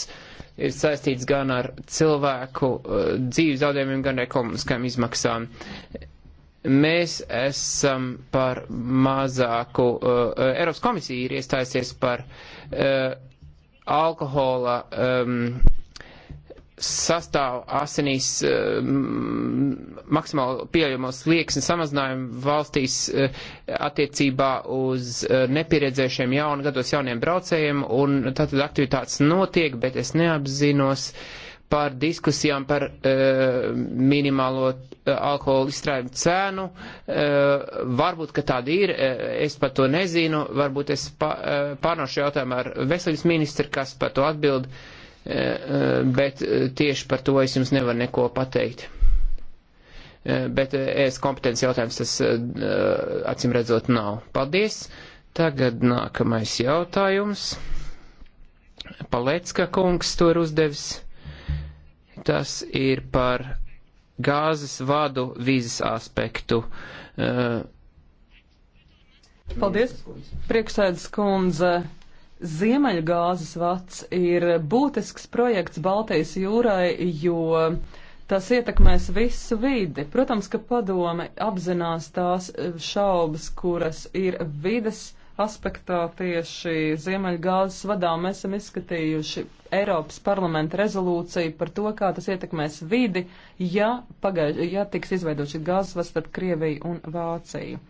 Speaker 2: ir saistīts gan ar cilvēku eh, dzīves zaudējumiem, gan ekonomiskām izmaksām. Mēs esam par mazāku, uh, Eiropas komisija ir iestājusies par uh, alkohola um, sastāv asinīs eh, maksimāli pieejamos slieksni samazinājumu valstīs eh, attiecībā uz eh, nepieredzējušiem jaunu gados jauniem braucējiem, un tātad aktivitātes notiek, bet es neapzinos par diskusijām par minimālo alkohola izstrājumu cēnu. Varbūt, ka tāda ir, es par to nezinu, varbūt es pārnošu jautājumu ar veselības ministru, kas par to atbild. Uh, Eh, eh, bet eh, tieši par to es jums nevaru neko pateikt. Bet es kompetenci jautājums tas acīm redzot nav. Paldies! Tagad nākamais jautājums. Palecka kungs to ir uzdevis. Tas ir par gāzes vadu vīzes aspektu.
Speaker 3: Paldies, priekšsēdus kundze. Ziemeļgāzes vats ir būtisks projekts Baltijas jūrai, jo tas ietekmēs visu vidi. Protams, ka padome apzinās tās šaubas, kuras ir vides aspektā tieši Ziemeļgāzes vadā. Mēs esam izskatījuši Eiropas parlamenta rezolūciju par to, kā tas ietekmēs vidi, ja, pagaiž, ja tiks izveidot šī gāzes vads starp Krieviju un Vāciju.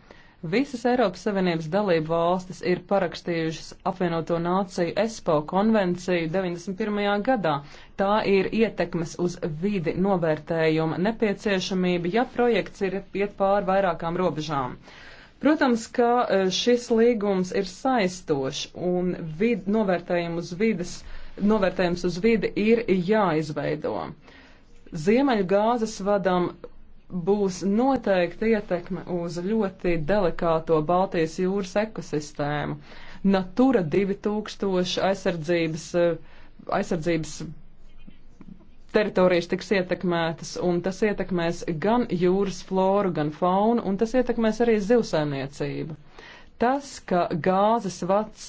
Speaker 3: Visas Eiropas Savienības dalību valstis ir parakstījušas apvienoto nāciju ESPO konvenciju 91. gadā. Tā ir ietekmes uz vidi novērtējuma nepieciešamība, ja projekts ir iet pāri vairākām robežām. Protams, ka e, šis līgums ir saistošs un vid, novērtējums, uz vides, novērtējums uz vidi ir jāizveido. Ziemeļu gāzes vadam būs noteikti ietekme uz ļoti delikāto Baltijas jūras ekosistēmu. Natura 2000 aizsardzības, eh, aizsardzības teritorijas tiks ietekmētas, un tas ietekmēs gan jūras floru, gan faunu, un tas ietekmēs arī zivsaimniecību. Tas, ka gāzes vats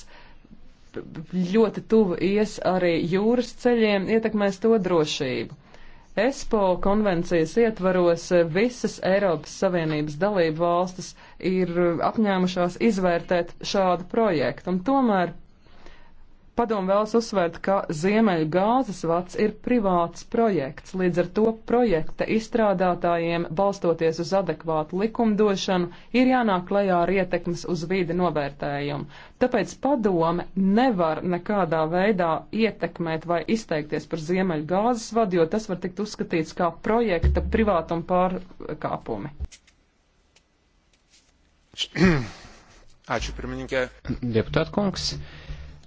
Speaker 3: ļoti tuvu ies arī jūras ceļiem, ietekmēs to drošību. ESPO konvencijas ietvaros eh, visas Eiropas Savienības dalību valstis ir eh, apņēmušās izvērtēt šādu projektu, un tomēr Padomu vēlas uzsvērt, ka Ziemeļu gāzes vats ir privāts projekts, līdz ar to projekta izstrādātājiem, balstoties uz adekvātu likumdošanu, ir jānāk klajā ar ietekmes uz vīdi novērtējumu. Tāpēc padome nevar nekādā veidā ietekmēt vai izteikties par Ziemeļu gāzes vadu, jo tas var tikt uzskatīts kā projekta privātuma pārkāpumi.
Speaker 2: Ačiū, pirmininkė. Deputat Kongs.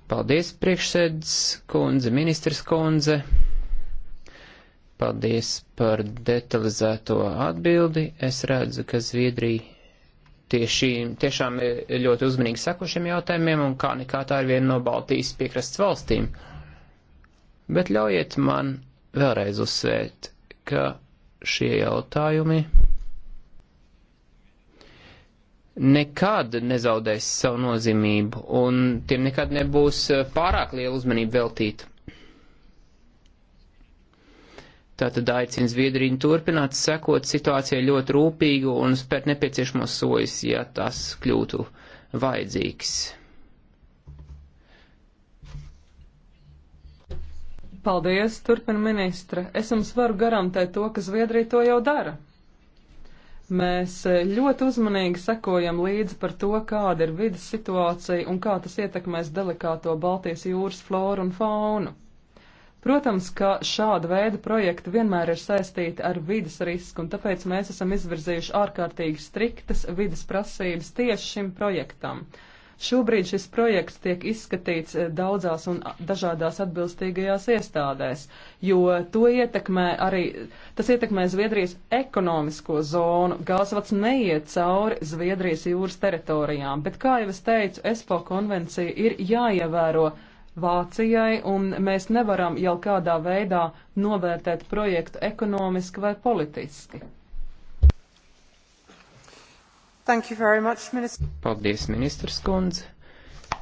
Speaker 2: Paldies, priekšsēdz kundze, ministrs kundze. Paldies par detalizēto atbildi. Es redzu, ka Zviedrija tieši, tiešām ļoti uzmanīgi sako šiem jautājumiem, un kā nekā tā ir viena no Baltijas piekrastes valstīm. Bet ļaujiet man vēlreiz uzsvērt, ka šie jautājumi nekad nezaudēs savu nozīmību un tiem nekad nebūs eh, pārāk liela uzmanība veltīta. Tātad aicina Zviedriju turpināt sekot situācijai ļoti rūpīgi un spērt nepieciešamos sojas, ja tas kļūtu vajadzīgs.
Speaker 3: Paldies, turpina ministra. Es jums varu garantēt to, ka Zviedrija to jau dara. Mēs eh, ļoti uzmanīgi sekojam līdzi par to, kāda ir vidas situācija un kā tas ietekmēs delikāto Baltijas jūras floru un faunu. Protams, ka šāda veida projekti vienmēr ir saistīti ar vidas risku, un tāpēc mēs esam izvirzījuši ārkārtīgi striktas vidas prasības tieši šim projektam. Uh, Šobrīd šis projekts tiek izskatīts eh, daudzās un dažādās atbilstīgajās iestādēs, jo to ietekmē arī, tas ietekmē Zviedrijas ekonomisko zonu. Gāzvats neiet cauri Zviedrijas jūras teritorijām, bet, kā jau es teicu, ESPO konvencija ir jāievēro. Vācijai, un mēs nevaram jau kādā veidā novērtēt projektu ekonomiski vai politiski.
Speaker 2: Much, minister. Paldies, ministrs kundze.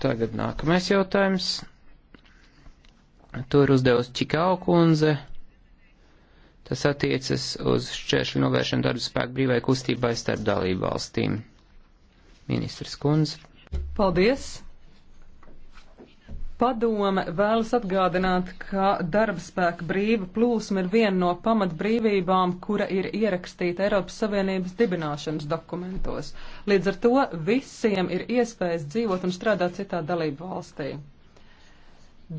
Speaker 2: Tagad nākamais jautājums. To ir uzdevusi Čikau kundze. Tas attiecas uz šķēršļu novēršanu darba spēku brīvai kustībai starp dalību valstīm. Ministrs kundze.
Speaker 3: Paldies! Padome vēlas atgādināt, ka darbspēka brīva plūsma ir viena no pamatbrīvībām, kura ir ierakstīta Eiropas Savienības dibināšanas dokumentos. Līdz ar to visiem ir iespējas dzīvot un strādāt citā dalību valstī.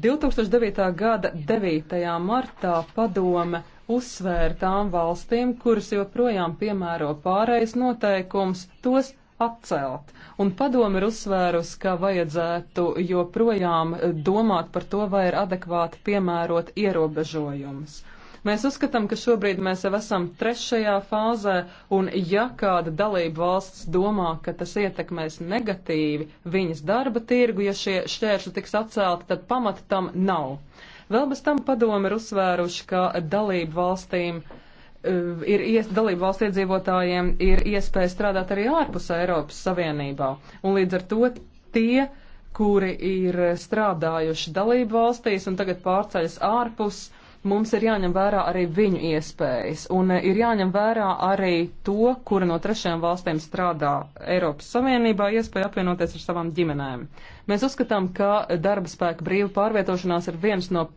Speaker 3: 2009. gada 9. martā padome uzsvēra tām valstīm, kuras joprojām piemēro pārējais noteikums, tos atcelt. Un padomi ir uzsvērusi, ka vajadzētu joprojām domāt par to, vai ir adekvāti piemērot ierobežojumus. Mēs uzskatām, ka šobrīd mēs jau esam trešajā fāzē, un ja kāda dalība valsts domā, ka tas ietekmēs negatīvi viņas darba tirgu, ja šie šķēršļi tiks atcelti, tad pamata tam nav. Vēl bez tam padomi ir uzsvēruši, ka dalību valstīm uh, Eh, ir ies, dalību valsts iedzīvotājiem ir iespēja strādāt arī ārpus Eiropas Savienībā. Un līdz ar to tie, kuri ir strādājuši dalību valstīs un tagad pārceļas ārpus, mums ir jāņem vērā arī viņu iespējas. Un eh, ir jāņem vērā arī to, kura no trešajām valstīm strādā Eiropas Savienībā, iespēja apvienoties ar savām ģimenēm. Mēs uzskatām, ka darba spēka brīva pārvietošanās ir viens no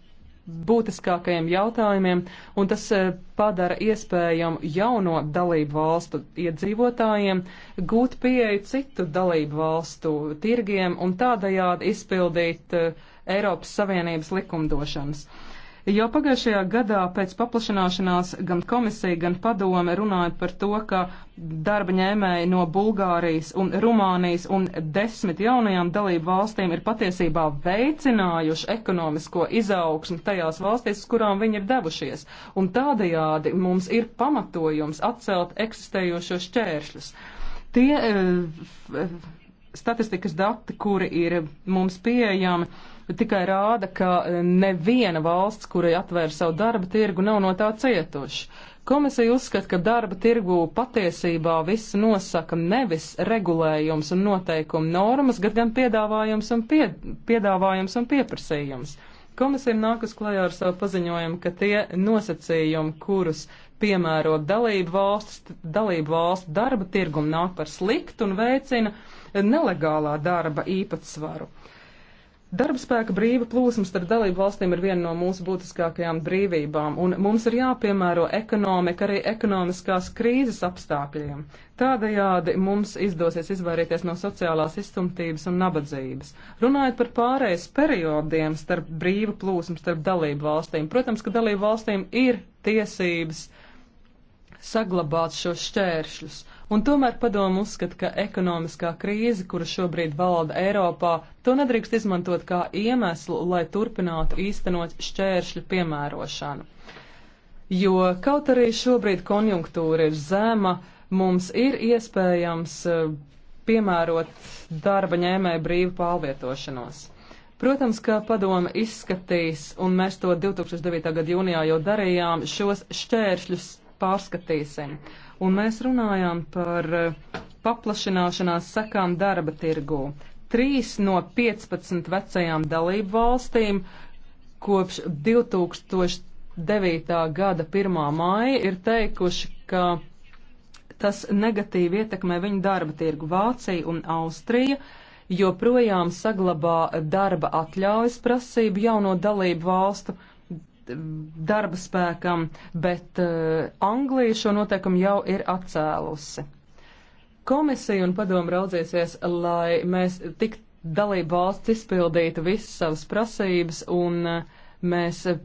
Speaker 3: būtiskākajiem jautājumiem, un tas eh, padara iespējamu jauno dalību valstu iedzīvotājiem gūt pieeju citu dalību valstu tirgiem un tādējādi izpildīt eh, Eiropas Savienības likumdošanas. Uh, Jau pagājušajā gadā pēc paplašanāšanās gan komisija, gan padome runāja par to, ka darba ņēmēji no Bulgārijas un Rumānijas un desmit jaunajām dalību valstīm ir patiesībā veicinājuši ekonomisko izaugsmu tajās valstīs, uz kurām viņi ir devušies. Un tādējādi mums ir pamatojums atcelt eksistējošos šķēršļus. Tie eh, statistikas dati, kuri ir mums pieejami, tikai rāda, ka neviena valsts, kurai atvēra savu darba tirgu, nav no tā cietuši. Komisija uzskata, ka darba tirgu patiesībā viss nosaka nevis regulējums un noteikumu normas, bet gan piedāvājums un, pie, piedāvājums un pieprasījums. Komisija nāk uz klajā ar savu paziņojumu, ka tie nosacījumi, kurus piemēro dalību valsts, dalību valstu darba tirgumu nāk par sliktu un veicina nelegālā darba īpatsvaru. Uh, Darba spēka brīva plūsma starp dalību valstīm ir viena no mūsu būtiskākajām brīvībām, un mums ir jāpiemēro ekonomika arī ekonomiskās krīzes apstākļiem. Tādējādi mums izdosies izvairīties no sociālās izstumtības un nabadzības. Runājot par pārējais periodiem starp brīva plūsma starp dalību valstīm, protams, ka dalību valstīm ir tiesības saglabāt šos šķēršļus Un tomēr padomu uzskata, ka ekonomiskā krīze, kura šobrīd valda Eiropā, to nedrīkst izmantot kā iemeslu, lai turpinātu īstenot šķēršļu piemērošanu. Jo kaut arī šobrīd konjunktūra ir zema, mums ir iespējams eh, piemērot darba ņēmēju brīvu pārvietošanos. Protams, ka padoma izskatīs, un mēs to 2009. gada jūnijā jau darījām, šos šķēršļus pārskatīsim. Uh, un mēs runājām par eh, paplašināšanās sekām darba tirgū. Trīs no 15 vecajām dalību valstīm kopš 2009. gada 1. māja ir teikuši, ka tas negatīvi ietekmē viņu darba tirgu. Vācija un Austrija joprojām saglabā darba atļaujas prasību jauno dalību valstu darba spēkam, bet uh, Anglija šo noteikumu jau ir atcēlusi. Komisija un padomu raudzēsies, lai mēs tik dalību valsts izpildītu visas savas prasības un uh, mēs eh,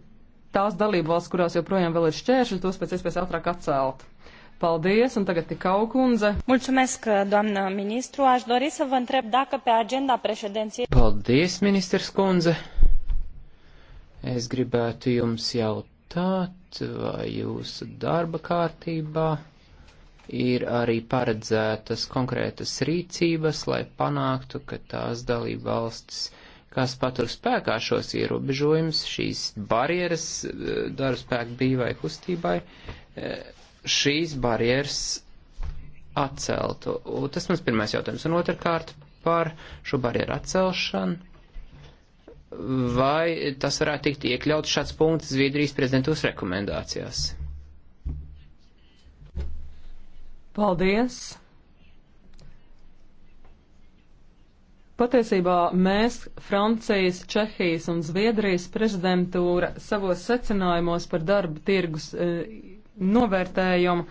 Speaker 3: tās dalību valsts, kurās joprojām vēl ir šķēršļi, tos pēc iespējas ātrāk atcelt. Paldies, un tagad tik augundze. Mulțumesc, doamnă ministru. Aș dori să
Speaker 1: vă întreb dacă pe agenda președinției...
Speaker 2: Paldies, ministrs kundze. Es gribētu jums jautāt, vai jūsu darba kārtībā ir arī paredzētas konkrētas rīcības, lai panāktu, ka tās dalība valstis, kas patur spēkā šos ierobežojumus, šīs barjeras eh, darba spēku brīvai kustībai, eh, šīs barjeras atceltu. Tas mans pirmais jautājums. Un otrkārt par šo barjeru atcelšanu vai tas varētu tikt iekļauts šāds punkts Zviedrijas prezidentūras rekomendācijās?
Speaker 3: Paldies! Patiesībā mēs, Francijas, Čehijas un Zviedrijas prezidentūra savos secinājumos par darba tirgus eh, novērtējumu,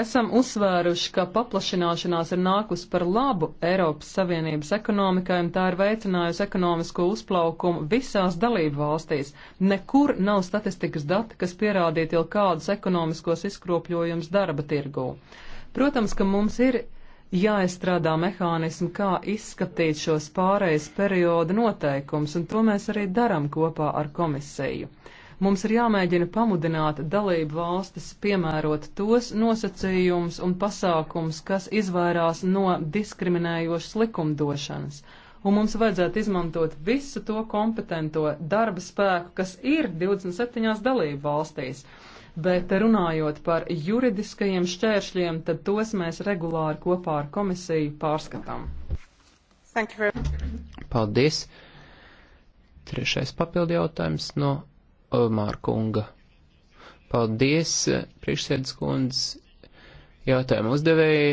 Speaker 3: esam uzsvēruši, ka paplašināšanās ir nākus par labu Eiropas Savienības ekonomikai un tā ir veicinājusi ekonomisko uzplaukumu visās dalību valstīs. Nekur nav statistikas dati, kas pierādītu jau kādus ekonomiskos izkropļojumus darba tirgū. Protams, ka mums ir jāizstrādā mehānismi, kā izskatīt šos pārejas perioda noteikums, un to mēs arī daram kopā ar komisiju. Mums ir jāmēģina pamudināt dalību valstis piemērot tos nosacījumus un pasākums, kas izvairās no diskriminējošas likumdošanas. Un mums vajadzētu izmantot visu to kompetento darba spēku, kas ir 27 dalību valstīs bet runājot par juridiskajiem šķēršļiem, tad tos mēs regulāri kopā ar komisiju pārskatām.
Speaker 2: Paldies. Trešais papildi jautājums no Olmārkunga. Paldies, priekšsēdus kundze, jautājumu uzdevēji.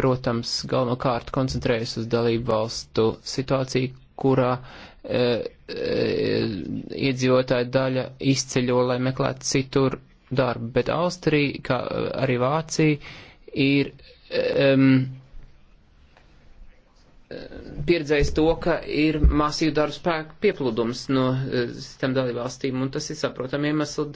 Speaker 2: Protams, galvenokārt koncentrējas uz dalību valstu situāciju, kurā e, e, iedzīvotāja daļa izceļo, lai meklētu citur darbu, bet Austrija, kā arī Vācija, ir. E, um, pieredzējis to, ka ir masīva darba spēka pieplūdums no eh, tiem dalībvalstīm, un tas ir saprotam iemeslu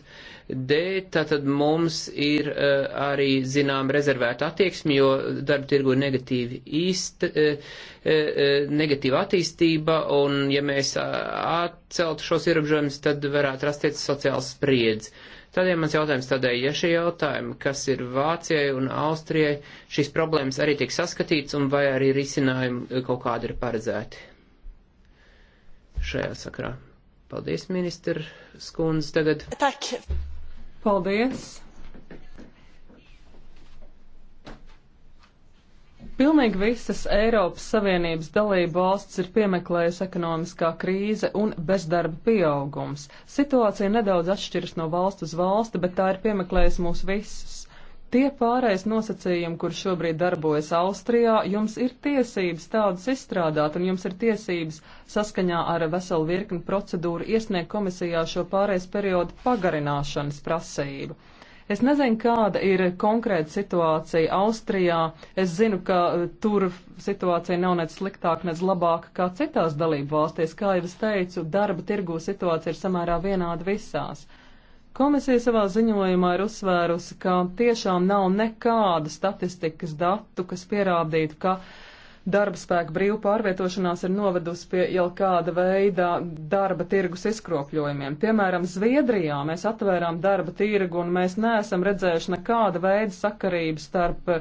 Speaker 2: dēļ. Tātad mums ir eh, arī, zinām, rezervēta attieksme, jo darba tirgu ir negatīva, īsta, eh, negatīva attīstība, un ja mēs atceltu šos ierobežojumus, tad varētu rasties sociāls spriedzi. Tad ir ja mans jautājums tādēļ, ja šie jautājumi, kas ir Vācijai un Austrijai, šīs problēmas arī tiek saskatīts un vai arī risinājumi kaut kādi ir paredzēti šajā sakrā. Paldies,
Speaker 3: ministra skundze, tagad. Tak. Paldies. Pilnīgi visas Eiropas Savienības dalību valsts ir piemeklējusi ekonomiskā krīze un bezdarba pieaugums. Situācija nedaudz atšķiras no valsts uz valsti, bet tā ir piemeklējusi mūs visus. Tie pārējais nosacījumi, kur šobrīd darbojas Austrijā, jums ir tiesības tādas izstrādāt, un jums ir tiesības saskaņā ar veselu virkni procedūru iesniegt komisijā šo pārējais periodu pagarināšanas prasību. Es nezinu, kāda ir konkrēta situācija Austrijā. Es zinu, ka uh, tur situācija nav nec sliktāka, nec labāka kā citās dalību valstīs. Kā jau es teicu, darba tirgu situācija ir samērā vienāda visās. Komisija savā ziņojumā ir uzsvērusi, ka tiešām nav nekāda statistikas datu, kas pierādītu, ka uh, darba spēka brīvu pārvietošanās ir novedusi pie jau kāda veida darba tirgus izkropļojumiem. Piemēram, Zviedrijā mēs atvērām darba tirgu un mēs neesam redzējuši nekāda veida sakarības starp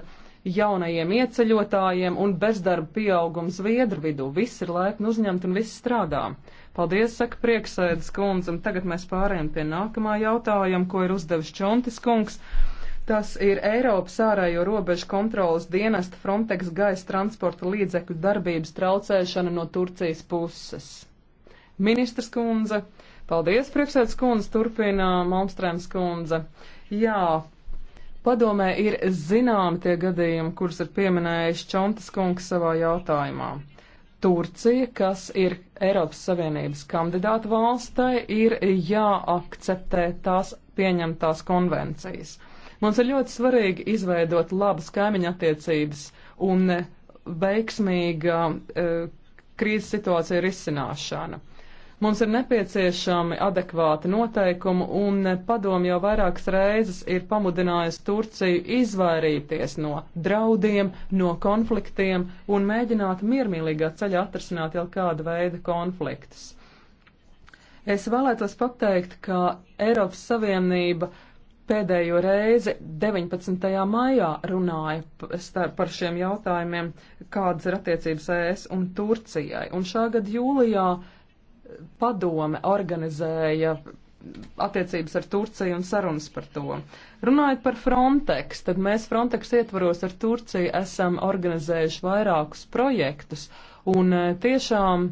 Speaker 3: jaunajiem ieceļotājiem un bezdarba pieaugums Zviedru vidū. Viss ir laipni uzņemti un viss strādā. Paldies, saka prieksēdes kundze, un tagad mēs pārējām pie nākamā jautājuma, ko ir uzdevis Čontis kungs. Tas ir Eiropas ārējo robežu kontrolas dienesta Frontex gaisa transporta līdzekļu darbības traucēšana no Turcijas puses. Ministrs kundze, paldies, priekšsēdus kundze, turpina Malmstrēms kundze. Jā, padomē ir zināmi tie gadījumi, kurus ir pieminējis Čontas kungs savā jautājumā. Turcija, kas ir Eiropas Savienības kandidāta valstai, ir jāakceptē tās pieņemtās konvencijas. Mums ir ļoti svarīgi izveidot labas kaimiņa attiecības un e, veiksmīga e, krīzes situācija risināšana. Mums ir nepieciešami adekvāti noteikumi, un e, padomu jau vairākas reizes ir pamudinājusi Turciju izvairīties no draudiem, no konfliktiem un mēģināt miermīlīgā ceļā atrasināt jau kādu veidu konfliktus. Es vēlētos pateikt, ka Eiropas Savienība uh, pēdējo reizi 19. maijā runāja par šiem jautājumiem, kādas ir attiecības ES un Turcijai. Un šā gada jūlijā eh, padome organizēja attiecības ar Turciju un sarunas par to. Runājot par Frontex, tad mēs Frontex ietvaros ar Turciju esam organizējuši vairākus projektus un eh, tiešām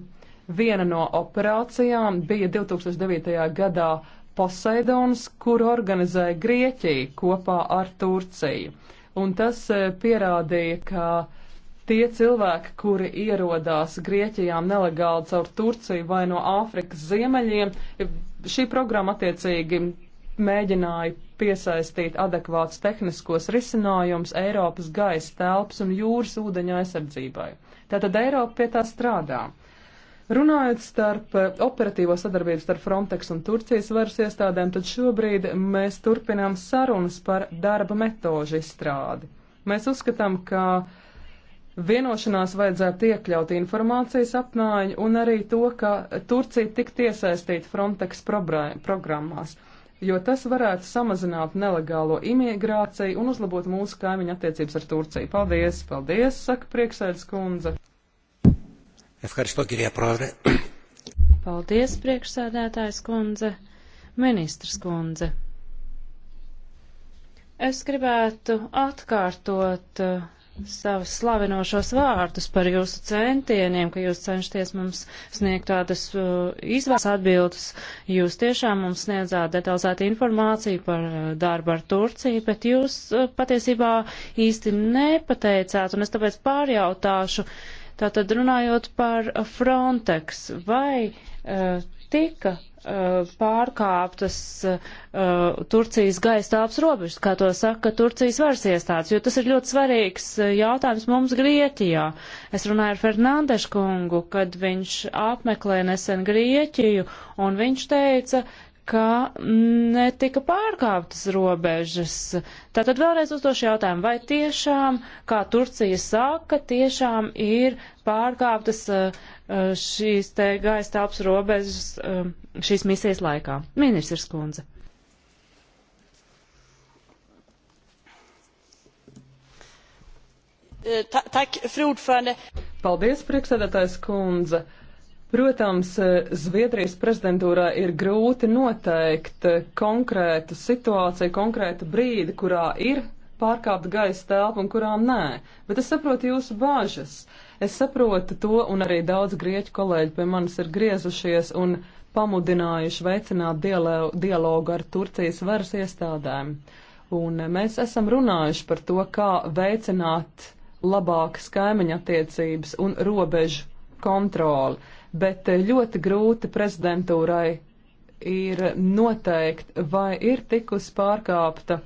Speaker 3: viena no operācijām bija 2009. gadā Poseidons, kuru organizēja Grieķija kopā ar Turciju. Un tas e, pierādīja, ka tie cilvēki, kuri ierodās Grieķijā nelegāli caur Turciju vai no Āfrikas ziemeļiem, e, šī programma attiecīgi mēģināja piesaistīt adekvāts tehniskos risinājums Eiropas gaisa telpas un jūras ūdeņa aizsardzībai. Tātad Eiropa pie tā strādā. Runājot starp eh, operatīvo sadarbību starp Frontex un Turcijas varas iestādēm, tad šobrīd mēs turpinām sarunas par darba metožu izstrādi. Mēs uzskatām, ka vienošanās vajadzētu iekļaut informācijas apmaiņu un arī to, ka Turcija tik iesaistīta Frontex programmās, jo tas varētu samazināt nelegālo imigrāciju un uzlabot mūsu kaimiņu attiecības ar Turciju. Paldies, paldies, saka prieksēdz kundze.
Speaker 2: Ευχαριστώ, κυρία Πρόεδρε.
Speaker 1: Paldies, priekšsēdētājs kundze, ministrs kundze. Es gribētu atkārtot uh, savus slavinošos vārdus par jūsu centieniem, ka jūs cenšaties mums sniegt tādas uh, izvēles atbildes. Jūs tiešām mums sniedzāt detalizētu informāciju par uh, darbu ar Turciju, bet jūs uh, patiesībā īsti nepateicāt, un es tāpēc pārjautāšu, uh, Tātad runājot par Frontex, vai uh, tika uh, pārkāptas uh, Turcijas gaistāps robežas, kā to saka Turcijas varas iestādes, jo tas ir ļoti svarīgs jautājums mums Grieķijā. Es runāju ar Fernandešu kungu, kad viņš apmeklē nesen Grieķiju, un viņš teica, ka netika pārkāptas robežas. Tātad vēlreiz uzdošu jautājumu, vai tiešām, kā Turcija saka, tiešām ir pārkāptas uh, uh, šīs te gaisa telpas robežas um, šīs misijas laikā? Ministrs Kunze. Eh, Paldies,
Speaker 3: priekšsēdētājs Kunze. Protams, eh, Zviedrijas prezidentūrā ir grūti noteikt eh, konkrētu situāciju, konkrētu brīdi, kurā ir pārkāpta gaisa telpa un kurā nē. Bet es saprotu jūsu bāžas. Es saprotu to, un arī daudz grieķu kolēģi pie manis ir griezušies un pamudinājuši veicināt dialogu ar Turcijas varas iestādēm. Un eh, mēs esam runājuši par to, kā veicināt labākas kaimiņa attiecības un robežu kontroli bet eh, ļoti grūti prezidentūrai ir noteikt, vai ir tikus pārkāpta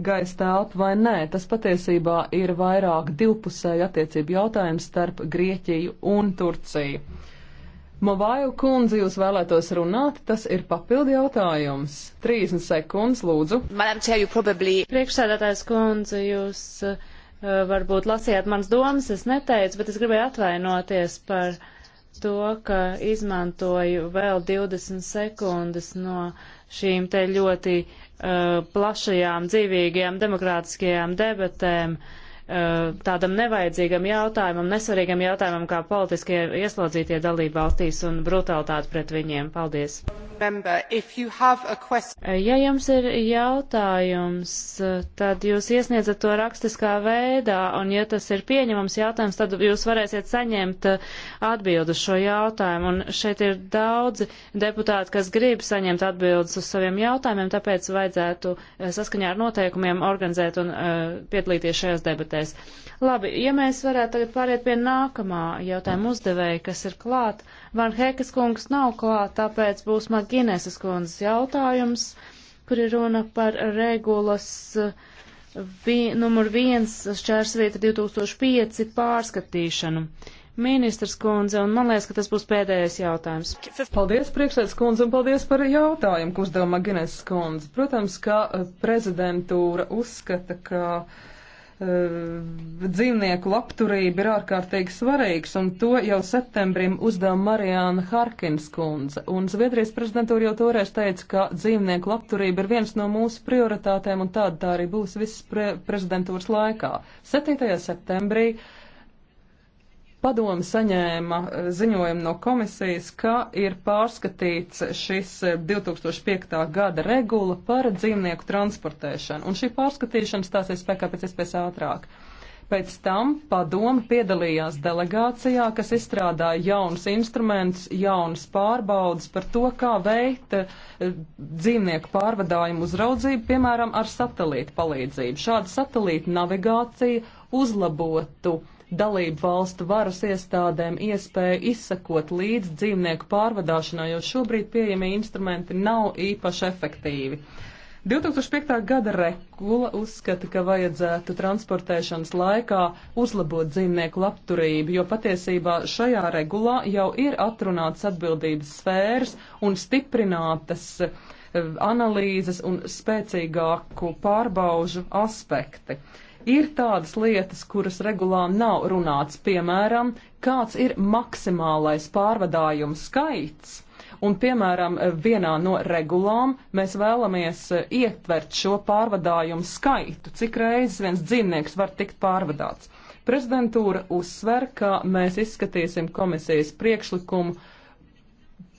Speaker 3: gaisa telpa vai nē. Tas patiesībā ir vairāk divpusēju attiecību jautājums starp Grieķiju un Turciju. Mobāju kundze, jūs vēlētos runāt, tas ir
Speaker 1: papildi jautājums. 30 sekundes, lūdzu. Probably... Priekšsēdētājs kundze, jūs uh, varbūt lasījāt mans domas, es neteicu, bet es gribēju atvainoties par uh, to, ka izmantoju vēl 20 sekundes no šīm te ļoti uh, plašajām, dzīvīgajām, demokrātiskajām debatēm. Uh, Eh, tādam nevajadzīgam jautājumam, nesvarīgam jautājumam, kā politiskie ieslodzītie dalība valstīs un brutalitāte pret viņiem. Paldies! Remember, eh, ja jums ir jautājums, eh, tad jūs iesniedzat to rakstiskā veidā, un ja tas ir pieņemams jautājums, tad jūs varēsiet saņemt atbildu šo jautājumu. Un šeit ir daudzi deputāti, kas grib saņemt atbildes uz saviem jautājumiem, tāpēc vajadzētu saskaņā ar noteikumiem organizēt un uh, piedalīties šajās debatēs debatēs. Labi, ja mēs varētu tagad pāriet pie nākamā jautājuma uzdevēja, kas ir klāt. Van Hekas kungs nav klāt, tāpēc būs Magineses kundzes jautājums, kur ir runa par regulas eh, vi, numur viens šķērsvieta 2005 pārskatīšanu. Ministrs kundze, un man liekas, ka tas būs pēdējais jautājums. Paldies, priekšsēdz kundze, un paldies par
Speaker 3: jautājumu, ko uzdevuma Gineses kundze. Protams, ka eh, prezidentūra uzskata, ka. Uh, Eh, dzīvnieku labturība ir ārkārtīgi svarīgs, un to jau septembrim uzdeva Marijāna Harkins kundze. Un Zviedrijas prezidentūra jau toreiz teica, ka dzīvnieku labturība ir viens no mūsu prioritātēm, un tāda tā arī būs visas pre prezidentūras laikā. 7. septembrī uh, Padomi saņēma eh, ziņojumu no komisijas, ka ir pārskatīts šis 2005. Eh, gada regula par dzīvnieku transportēšanu, un šī pārskatīšana stāsies spēkā pēc iespējas ātrāk. Pēc tam padoma piedalījās delegācijā, kas izstrādāja jaunus instrumentus, jaunas pārbaudas par to, kā veikt eh, dzīvnieku pārvadājumu uzraudzību, piemēram, ar satelītu palīdzību. Šāda satelīta navigācija uzlabotu uh, dalību valstu varas iestādēm iespēju izsekot līdz dzīvnieku pārvadāšanai, jo šobrīd pieejamie instrumenti nav īpaši efektīvi. 2005. gada regula uzskata, ka vajadzētu transportēšanas laikā uzlabot dzīvnieku labturību, jo patiesībā šajā regulā jau ir atrunāts atbildības sfēras un stiprinātas eh, analīzes un spēcīgāku pārbaužu aspekti. Ir tādas lietas, kuras regulā nav runāts, piemēram, kāds ir maksimālais pārvadājumu skaits. Un, piemēram, vienā no regulām mēs vēlamies eh, ietvert šo pārvadājumu skaitu, cik reizes viens dzīvnieks var tikt pārvadāts. Prezidentūra uzsver, ka mēs izskatīsim komisijas priekšlikumu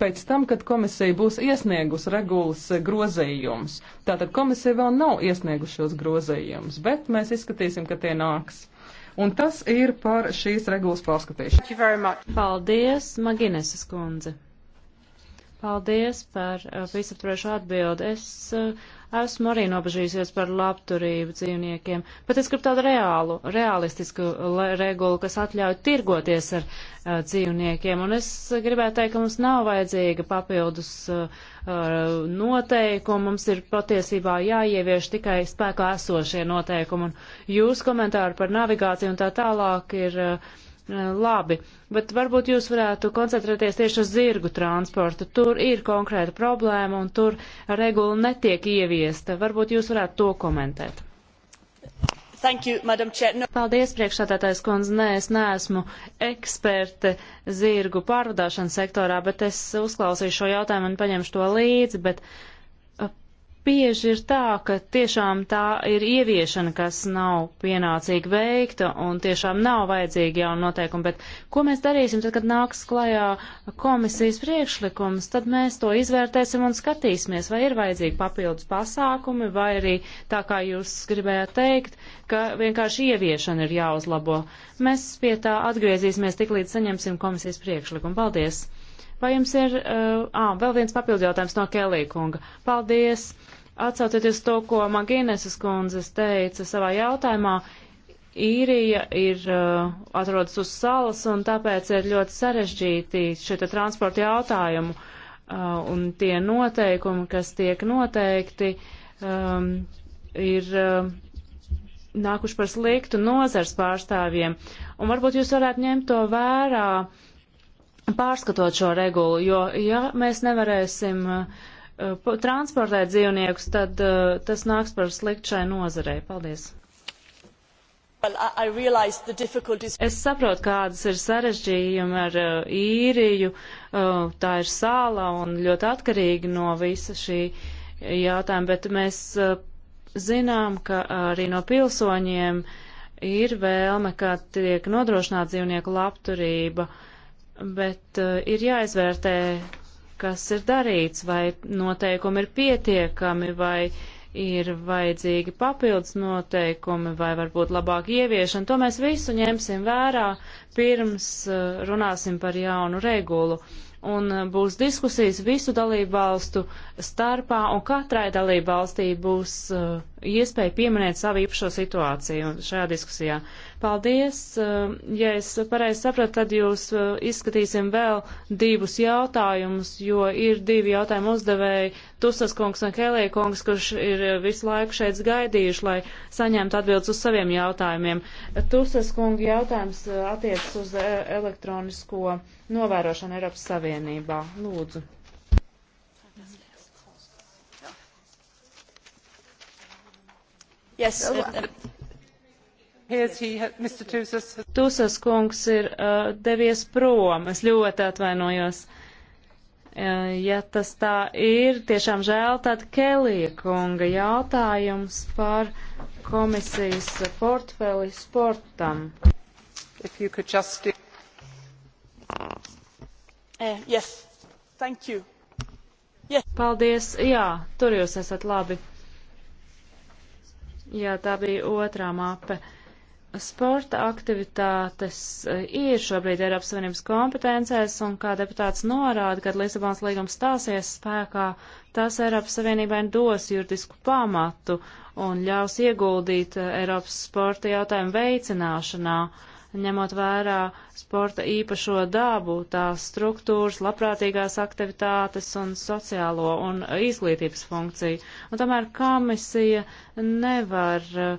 Speaker 3: pēc tam, kad komisija būs iesniegusi regulas eh, grozījumus. Tātad komisija vēl nav iesniegusi šos grozījumus, bet mēs izskatīsim, ka tie nāks. Un tas ir par šīs regulas pārskatīšanu.
Speaker 1: Paldies, Magineses kundze. Paldies par uh, visaptvarošu atbildi. Es uh, esmu arī nobežījusies par labturību dzīvniekiem, bet es gribu tādu reālu, realistisku regulu, kas atļauj tirgoties ar uh, dzīvniekiem. Un es gribētu teikt, ka mums nav vajadzīga papildus noteikumi, mums ir patiesībā jāievieš tikai spēkā esošie noteikumi. Un jūs komentāri par navigāciju un tā tālāk ir. Uh, Eh, labi, bet varbūt jūs varētu koncentrēties tieši uz zirgu transportu. Tur ir konkrēta problēma un tur regula netiek ieviesta. Varbūt jūs varētu to komentēt. Thank you, Madam Chair. No... Paldies, priekšsādātājs kundze. Nē, es neesmu eksperte zirgu pārvadāšanas sektorā, bet es uzklausīšu šo jautājumu un paņemšu to līdzi, bet uh, bieži ir tā, ka tiešām tā ir ieviešana, kas nav pienācīgi veikta un tiešām nav vajadzīgi jauni noteikumi, bet ko mēs darīsim tad, kad nāks klajā komisijas priekšlikums, tad mēs to izvērtēsim un skatīsimies, vai ir vajadzīgi papildus pasākumi, vai arī tā kā jūs gribējāt teikt, ka vienkārši ieviešana ir jāuzlabo. Mēs pie tā atgriezīsimies tik līdz saņemsim komisijas priekšlikumu. Paldies! Vai jums ir, uh, ā, vēl viens papildu jautājums no Kelī kunga? Paldies! Atsaucieties to, ko Magīneses kundzes teica savā jautājumā. Īrija ir uh, atrodas uz salas un tāpēc ir ļoti sarežģīti šie transporta jautājumu uh, un tie noteikumi, kas tiek noteikti, um, ir uh, nākuši par sliktu nozars pārstāvjiem. Un varbūt jūs varētu ņemt to vērā, pārskatot šo regulu, jo ja mēs nevarēsim uh, Eh, transportēt dzīvniekus, tad eh, tas nāks par sliktu šai nozarei. Paldies! Well, es saprotu, kādas ir sarežģījumi ar uh, īriju, uh, tā ir sāla un ļoti atkarīga no visa šī jautājuma, bet mēs uh, zinām, ka arī no pilsoņiem ir vēlme, ka tiek nodrošināta dzīvnieku labturība, bet uh, ir jāizvērtē kas ir darīts, vai noteikumi ir pietiekami, vai ir vajadzīgi papildus noteikumi, vai varbūt labāk ieviešana. To mēs visu ņemsim vērā, pirms eh, runāsim par jaunu regulu. Uh, un eh, būs diskusijas visu dalību valstu starpā, un katrai dalību valstī būs uh, iespēja pieminēt savu īpašo situāciju šajā diskusijā. Paldies! Uh, ja es pareizi sapratu, tad jūs uh, izskatīsim vēl divus jautājumus, jo ir divi jautājumu uzdevēji Tusas kungs un Helē kungs, kurš ir eh, visu laiku šeit gaidījuši, lai saņemtu atbildes uz saviem jautājumiem. Tusas kunga jautājums eh, attiecas uz eh, elektronisko novērošanu Eiropas Savienībā. Lūdzu. Yes, uh, uh Tūsas kungs ir uh, devies prom, es ļoti atvainojos. Uh, Ja tas tā ir, tiešām žēl, tad Kelija kunga jautājums par komisijas portfeli sportam. Just... Uh, yes. yes. Paldies, jā, tur jūs esat labi. Jā, tā bija otrā mape. Uh, sporta aktivitātes eh, ir šobrīd Eiropas Savienības kompetencēs, un kā deputāts norāda, kad Lisabons līgums stāsies spēkā, tas Eiropas Savienībai dos juridisku pamatu un ļaus ieguldīt eh, Eiropas sporta jautājumu veicināšanā. Uh, ņemot vērā sporta īpašo dabu, tās struktūras, labprātīgās aktivitātes un sociālo un izglītības funkciju. Un tomēr komisija nevar eh,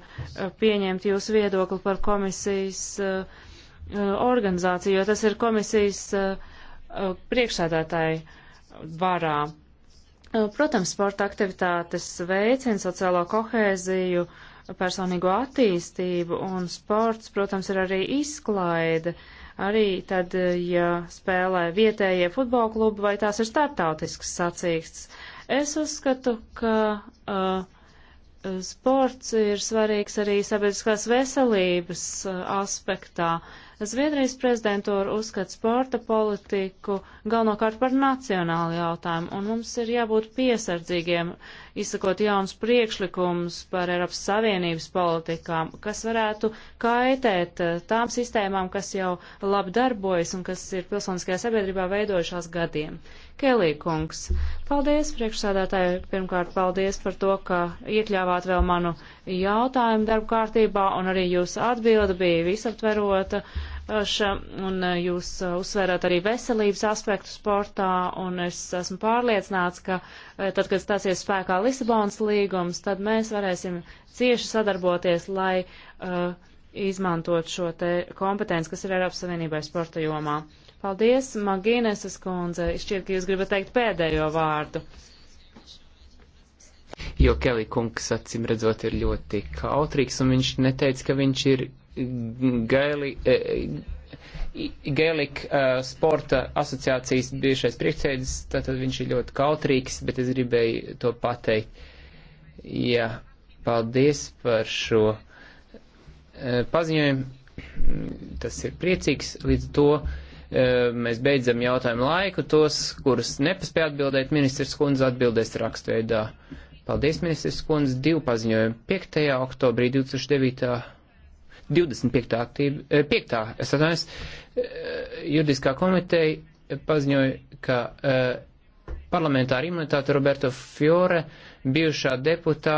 Speaker 1: pieņemt jūsu viedokli par komisijas eh, organizāciju, jo tas ir komisijas eh, priekšsēdētāji varā. Protams, sporta aktivitātes veicina sociālo kohēziju, uh, personīgo attīstību, un sports, protams, ir arī izklaide. Arī tad, ja spēlē vietējie futbola klubi vai tās ir startautisks sacīksts. Es uzskatu, ka uh, sports ir svarīgs arī sabiedriskās veselības uh, aspektā. Uh, Zviedrijas prezidentūra uzskata sporta politiku galvenokārt par nacionālu jautājumu, un mums ir jābūt piesardzīgiem, izsakot jauns priekšlikums par Eiropas Savienības politikām, kas varētu kaitēt eh, tām sistēmām, kas jau labi darbojas un kas ir pilsoniskajā sabiedrībā veidojušās gadiem. Kelī kungs, paldies priekšsādātāji, pirmkārt paldies par to, ka iekļāvāt vēl manu jautājumu darba kārtībā, un arī jūsu atbilde bija visaptverota. Uh, Še, un e, jūs e, uzsvērāt arī veselības aspektu sportā, un es esmu pārliecināts, ka e, tad, kad stāsies spēkā Lisabonas līgums, tad mēs varēsim cieši sadarboties, lai uh, izmantot šo te kompetenci, kas ir Eiropas Savienībai sporta jomā. Paldies, Magīneses kundze. Šķiet, ka jūs gribat teikt pēdējo vārdu.
Speaker 2: Jo Kelly kungs acīm redzot ir ļoti kautrīgs, un viņš neteica, ka viņš ir Gaili, e, Gaelic uh, sporta asociācijas bijušais priekšsēdis, tātad viņš ir ļoti kautrīgs, bet es gribēju to pateikt. Jā, paldies par šo uh, paziņojumu. Tas ir priecīgs līdz to. Uh, mēs beidzam jautājumu laiku. Tos, kurus nepaspēja atbildēt, ministrs kundze atbildēs rakstveidā. Paldies, ministrs kundze, divu paziņojumu 5. oktobrī 2009. 25. Aktība, 5. Es atvainojos, eh, juridiskā komiteja paziņoja, ka eh, parlamentāra imunitāte Roberto Fiore, bijušā deputāta,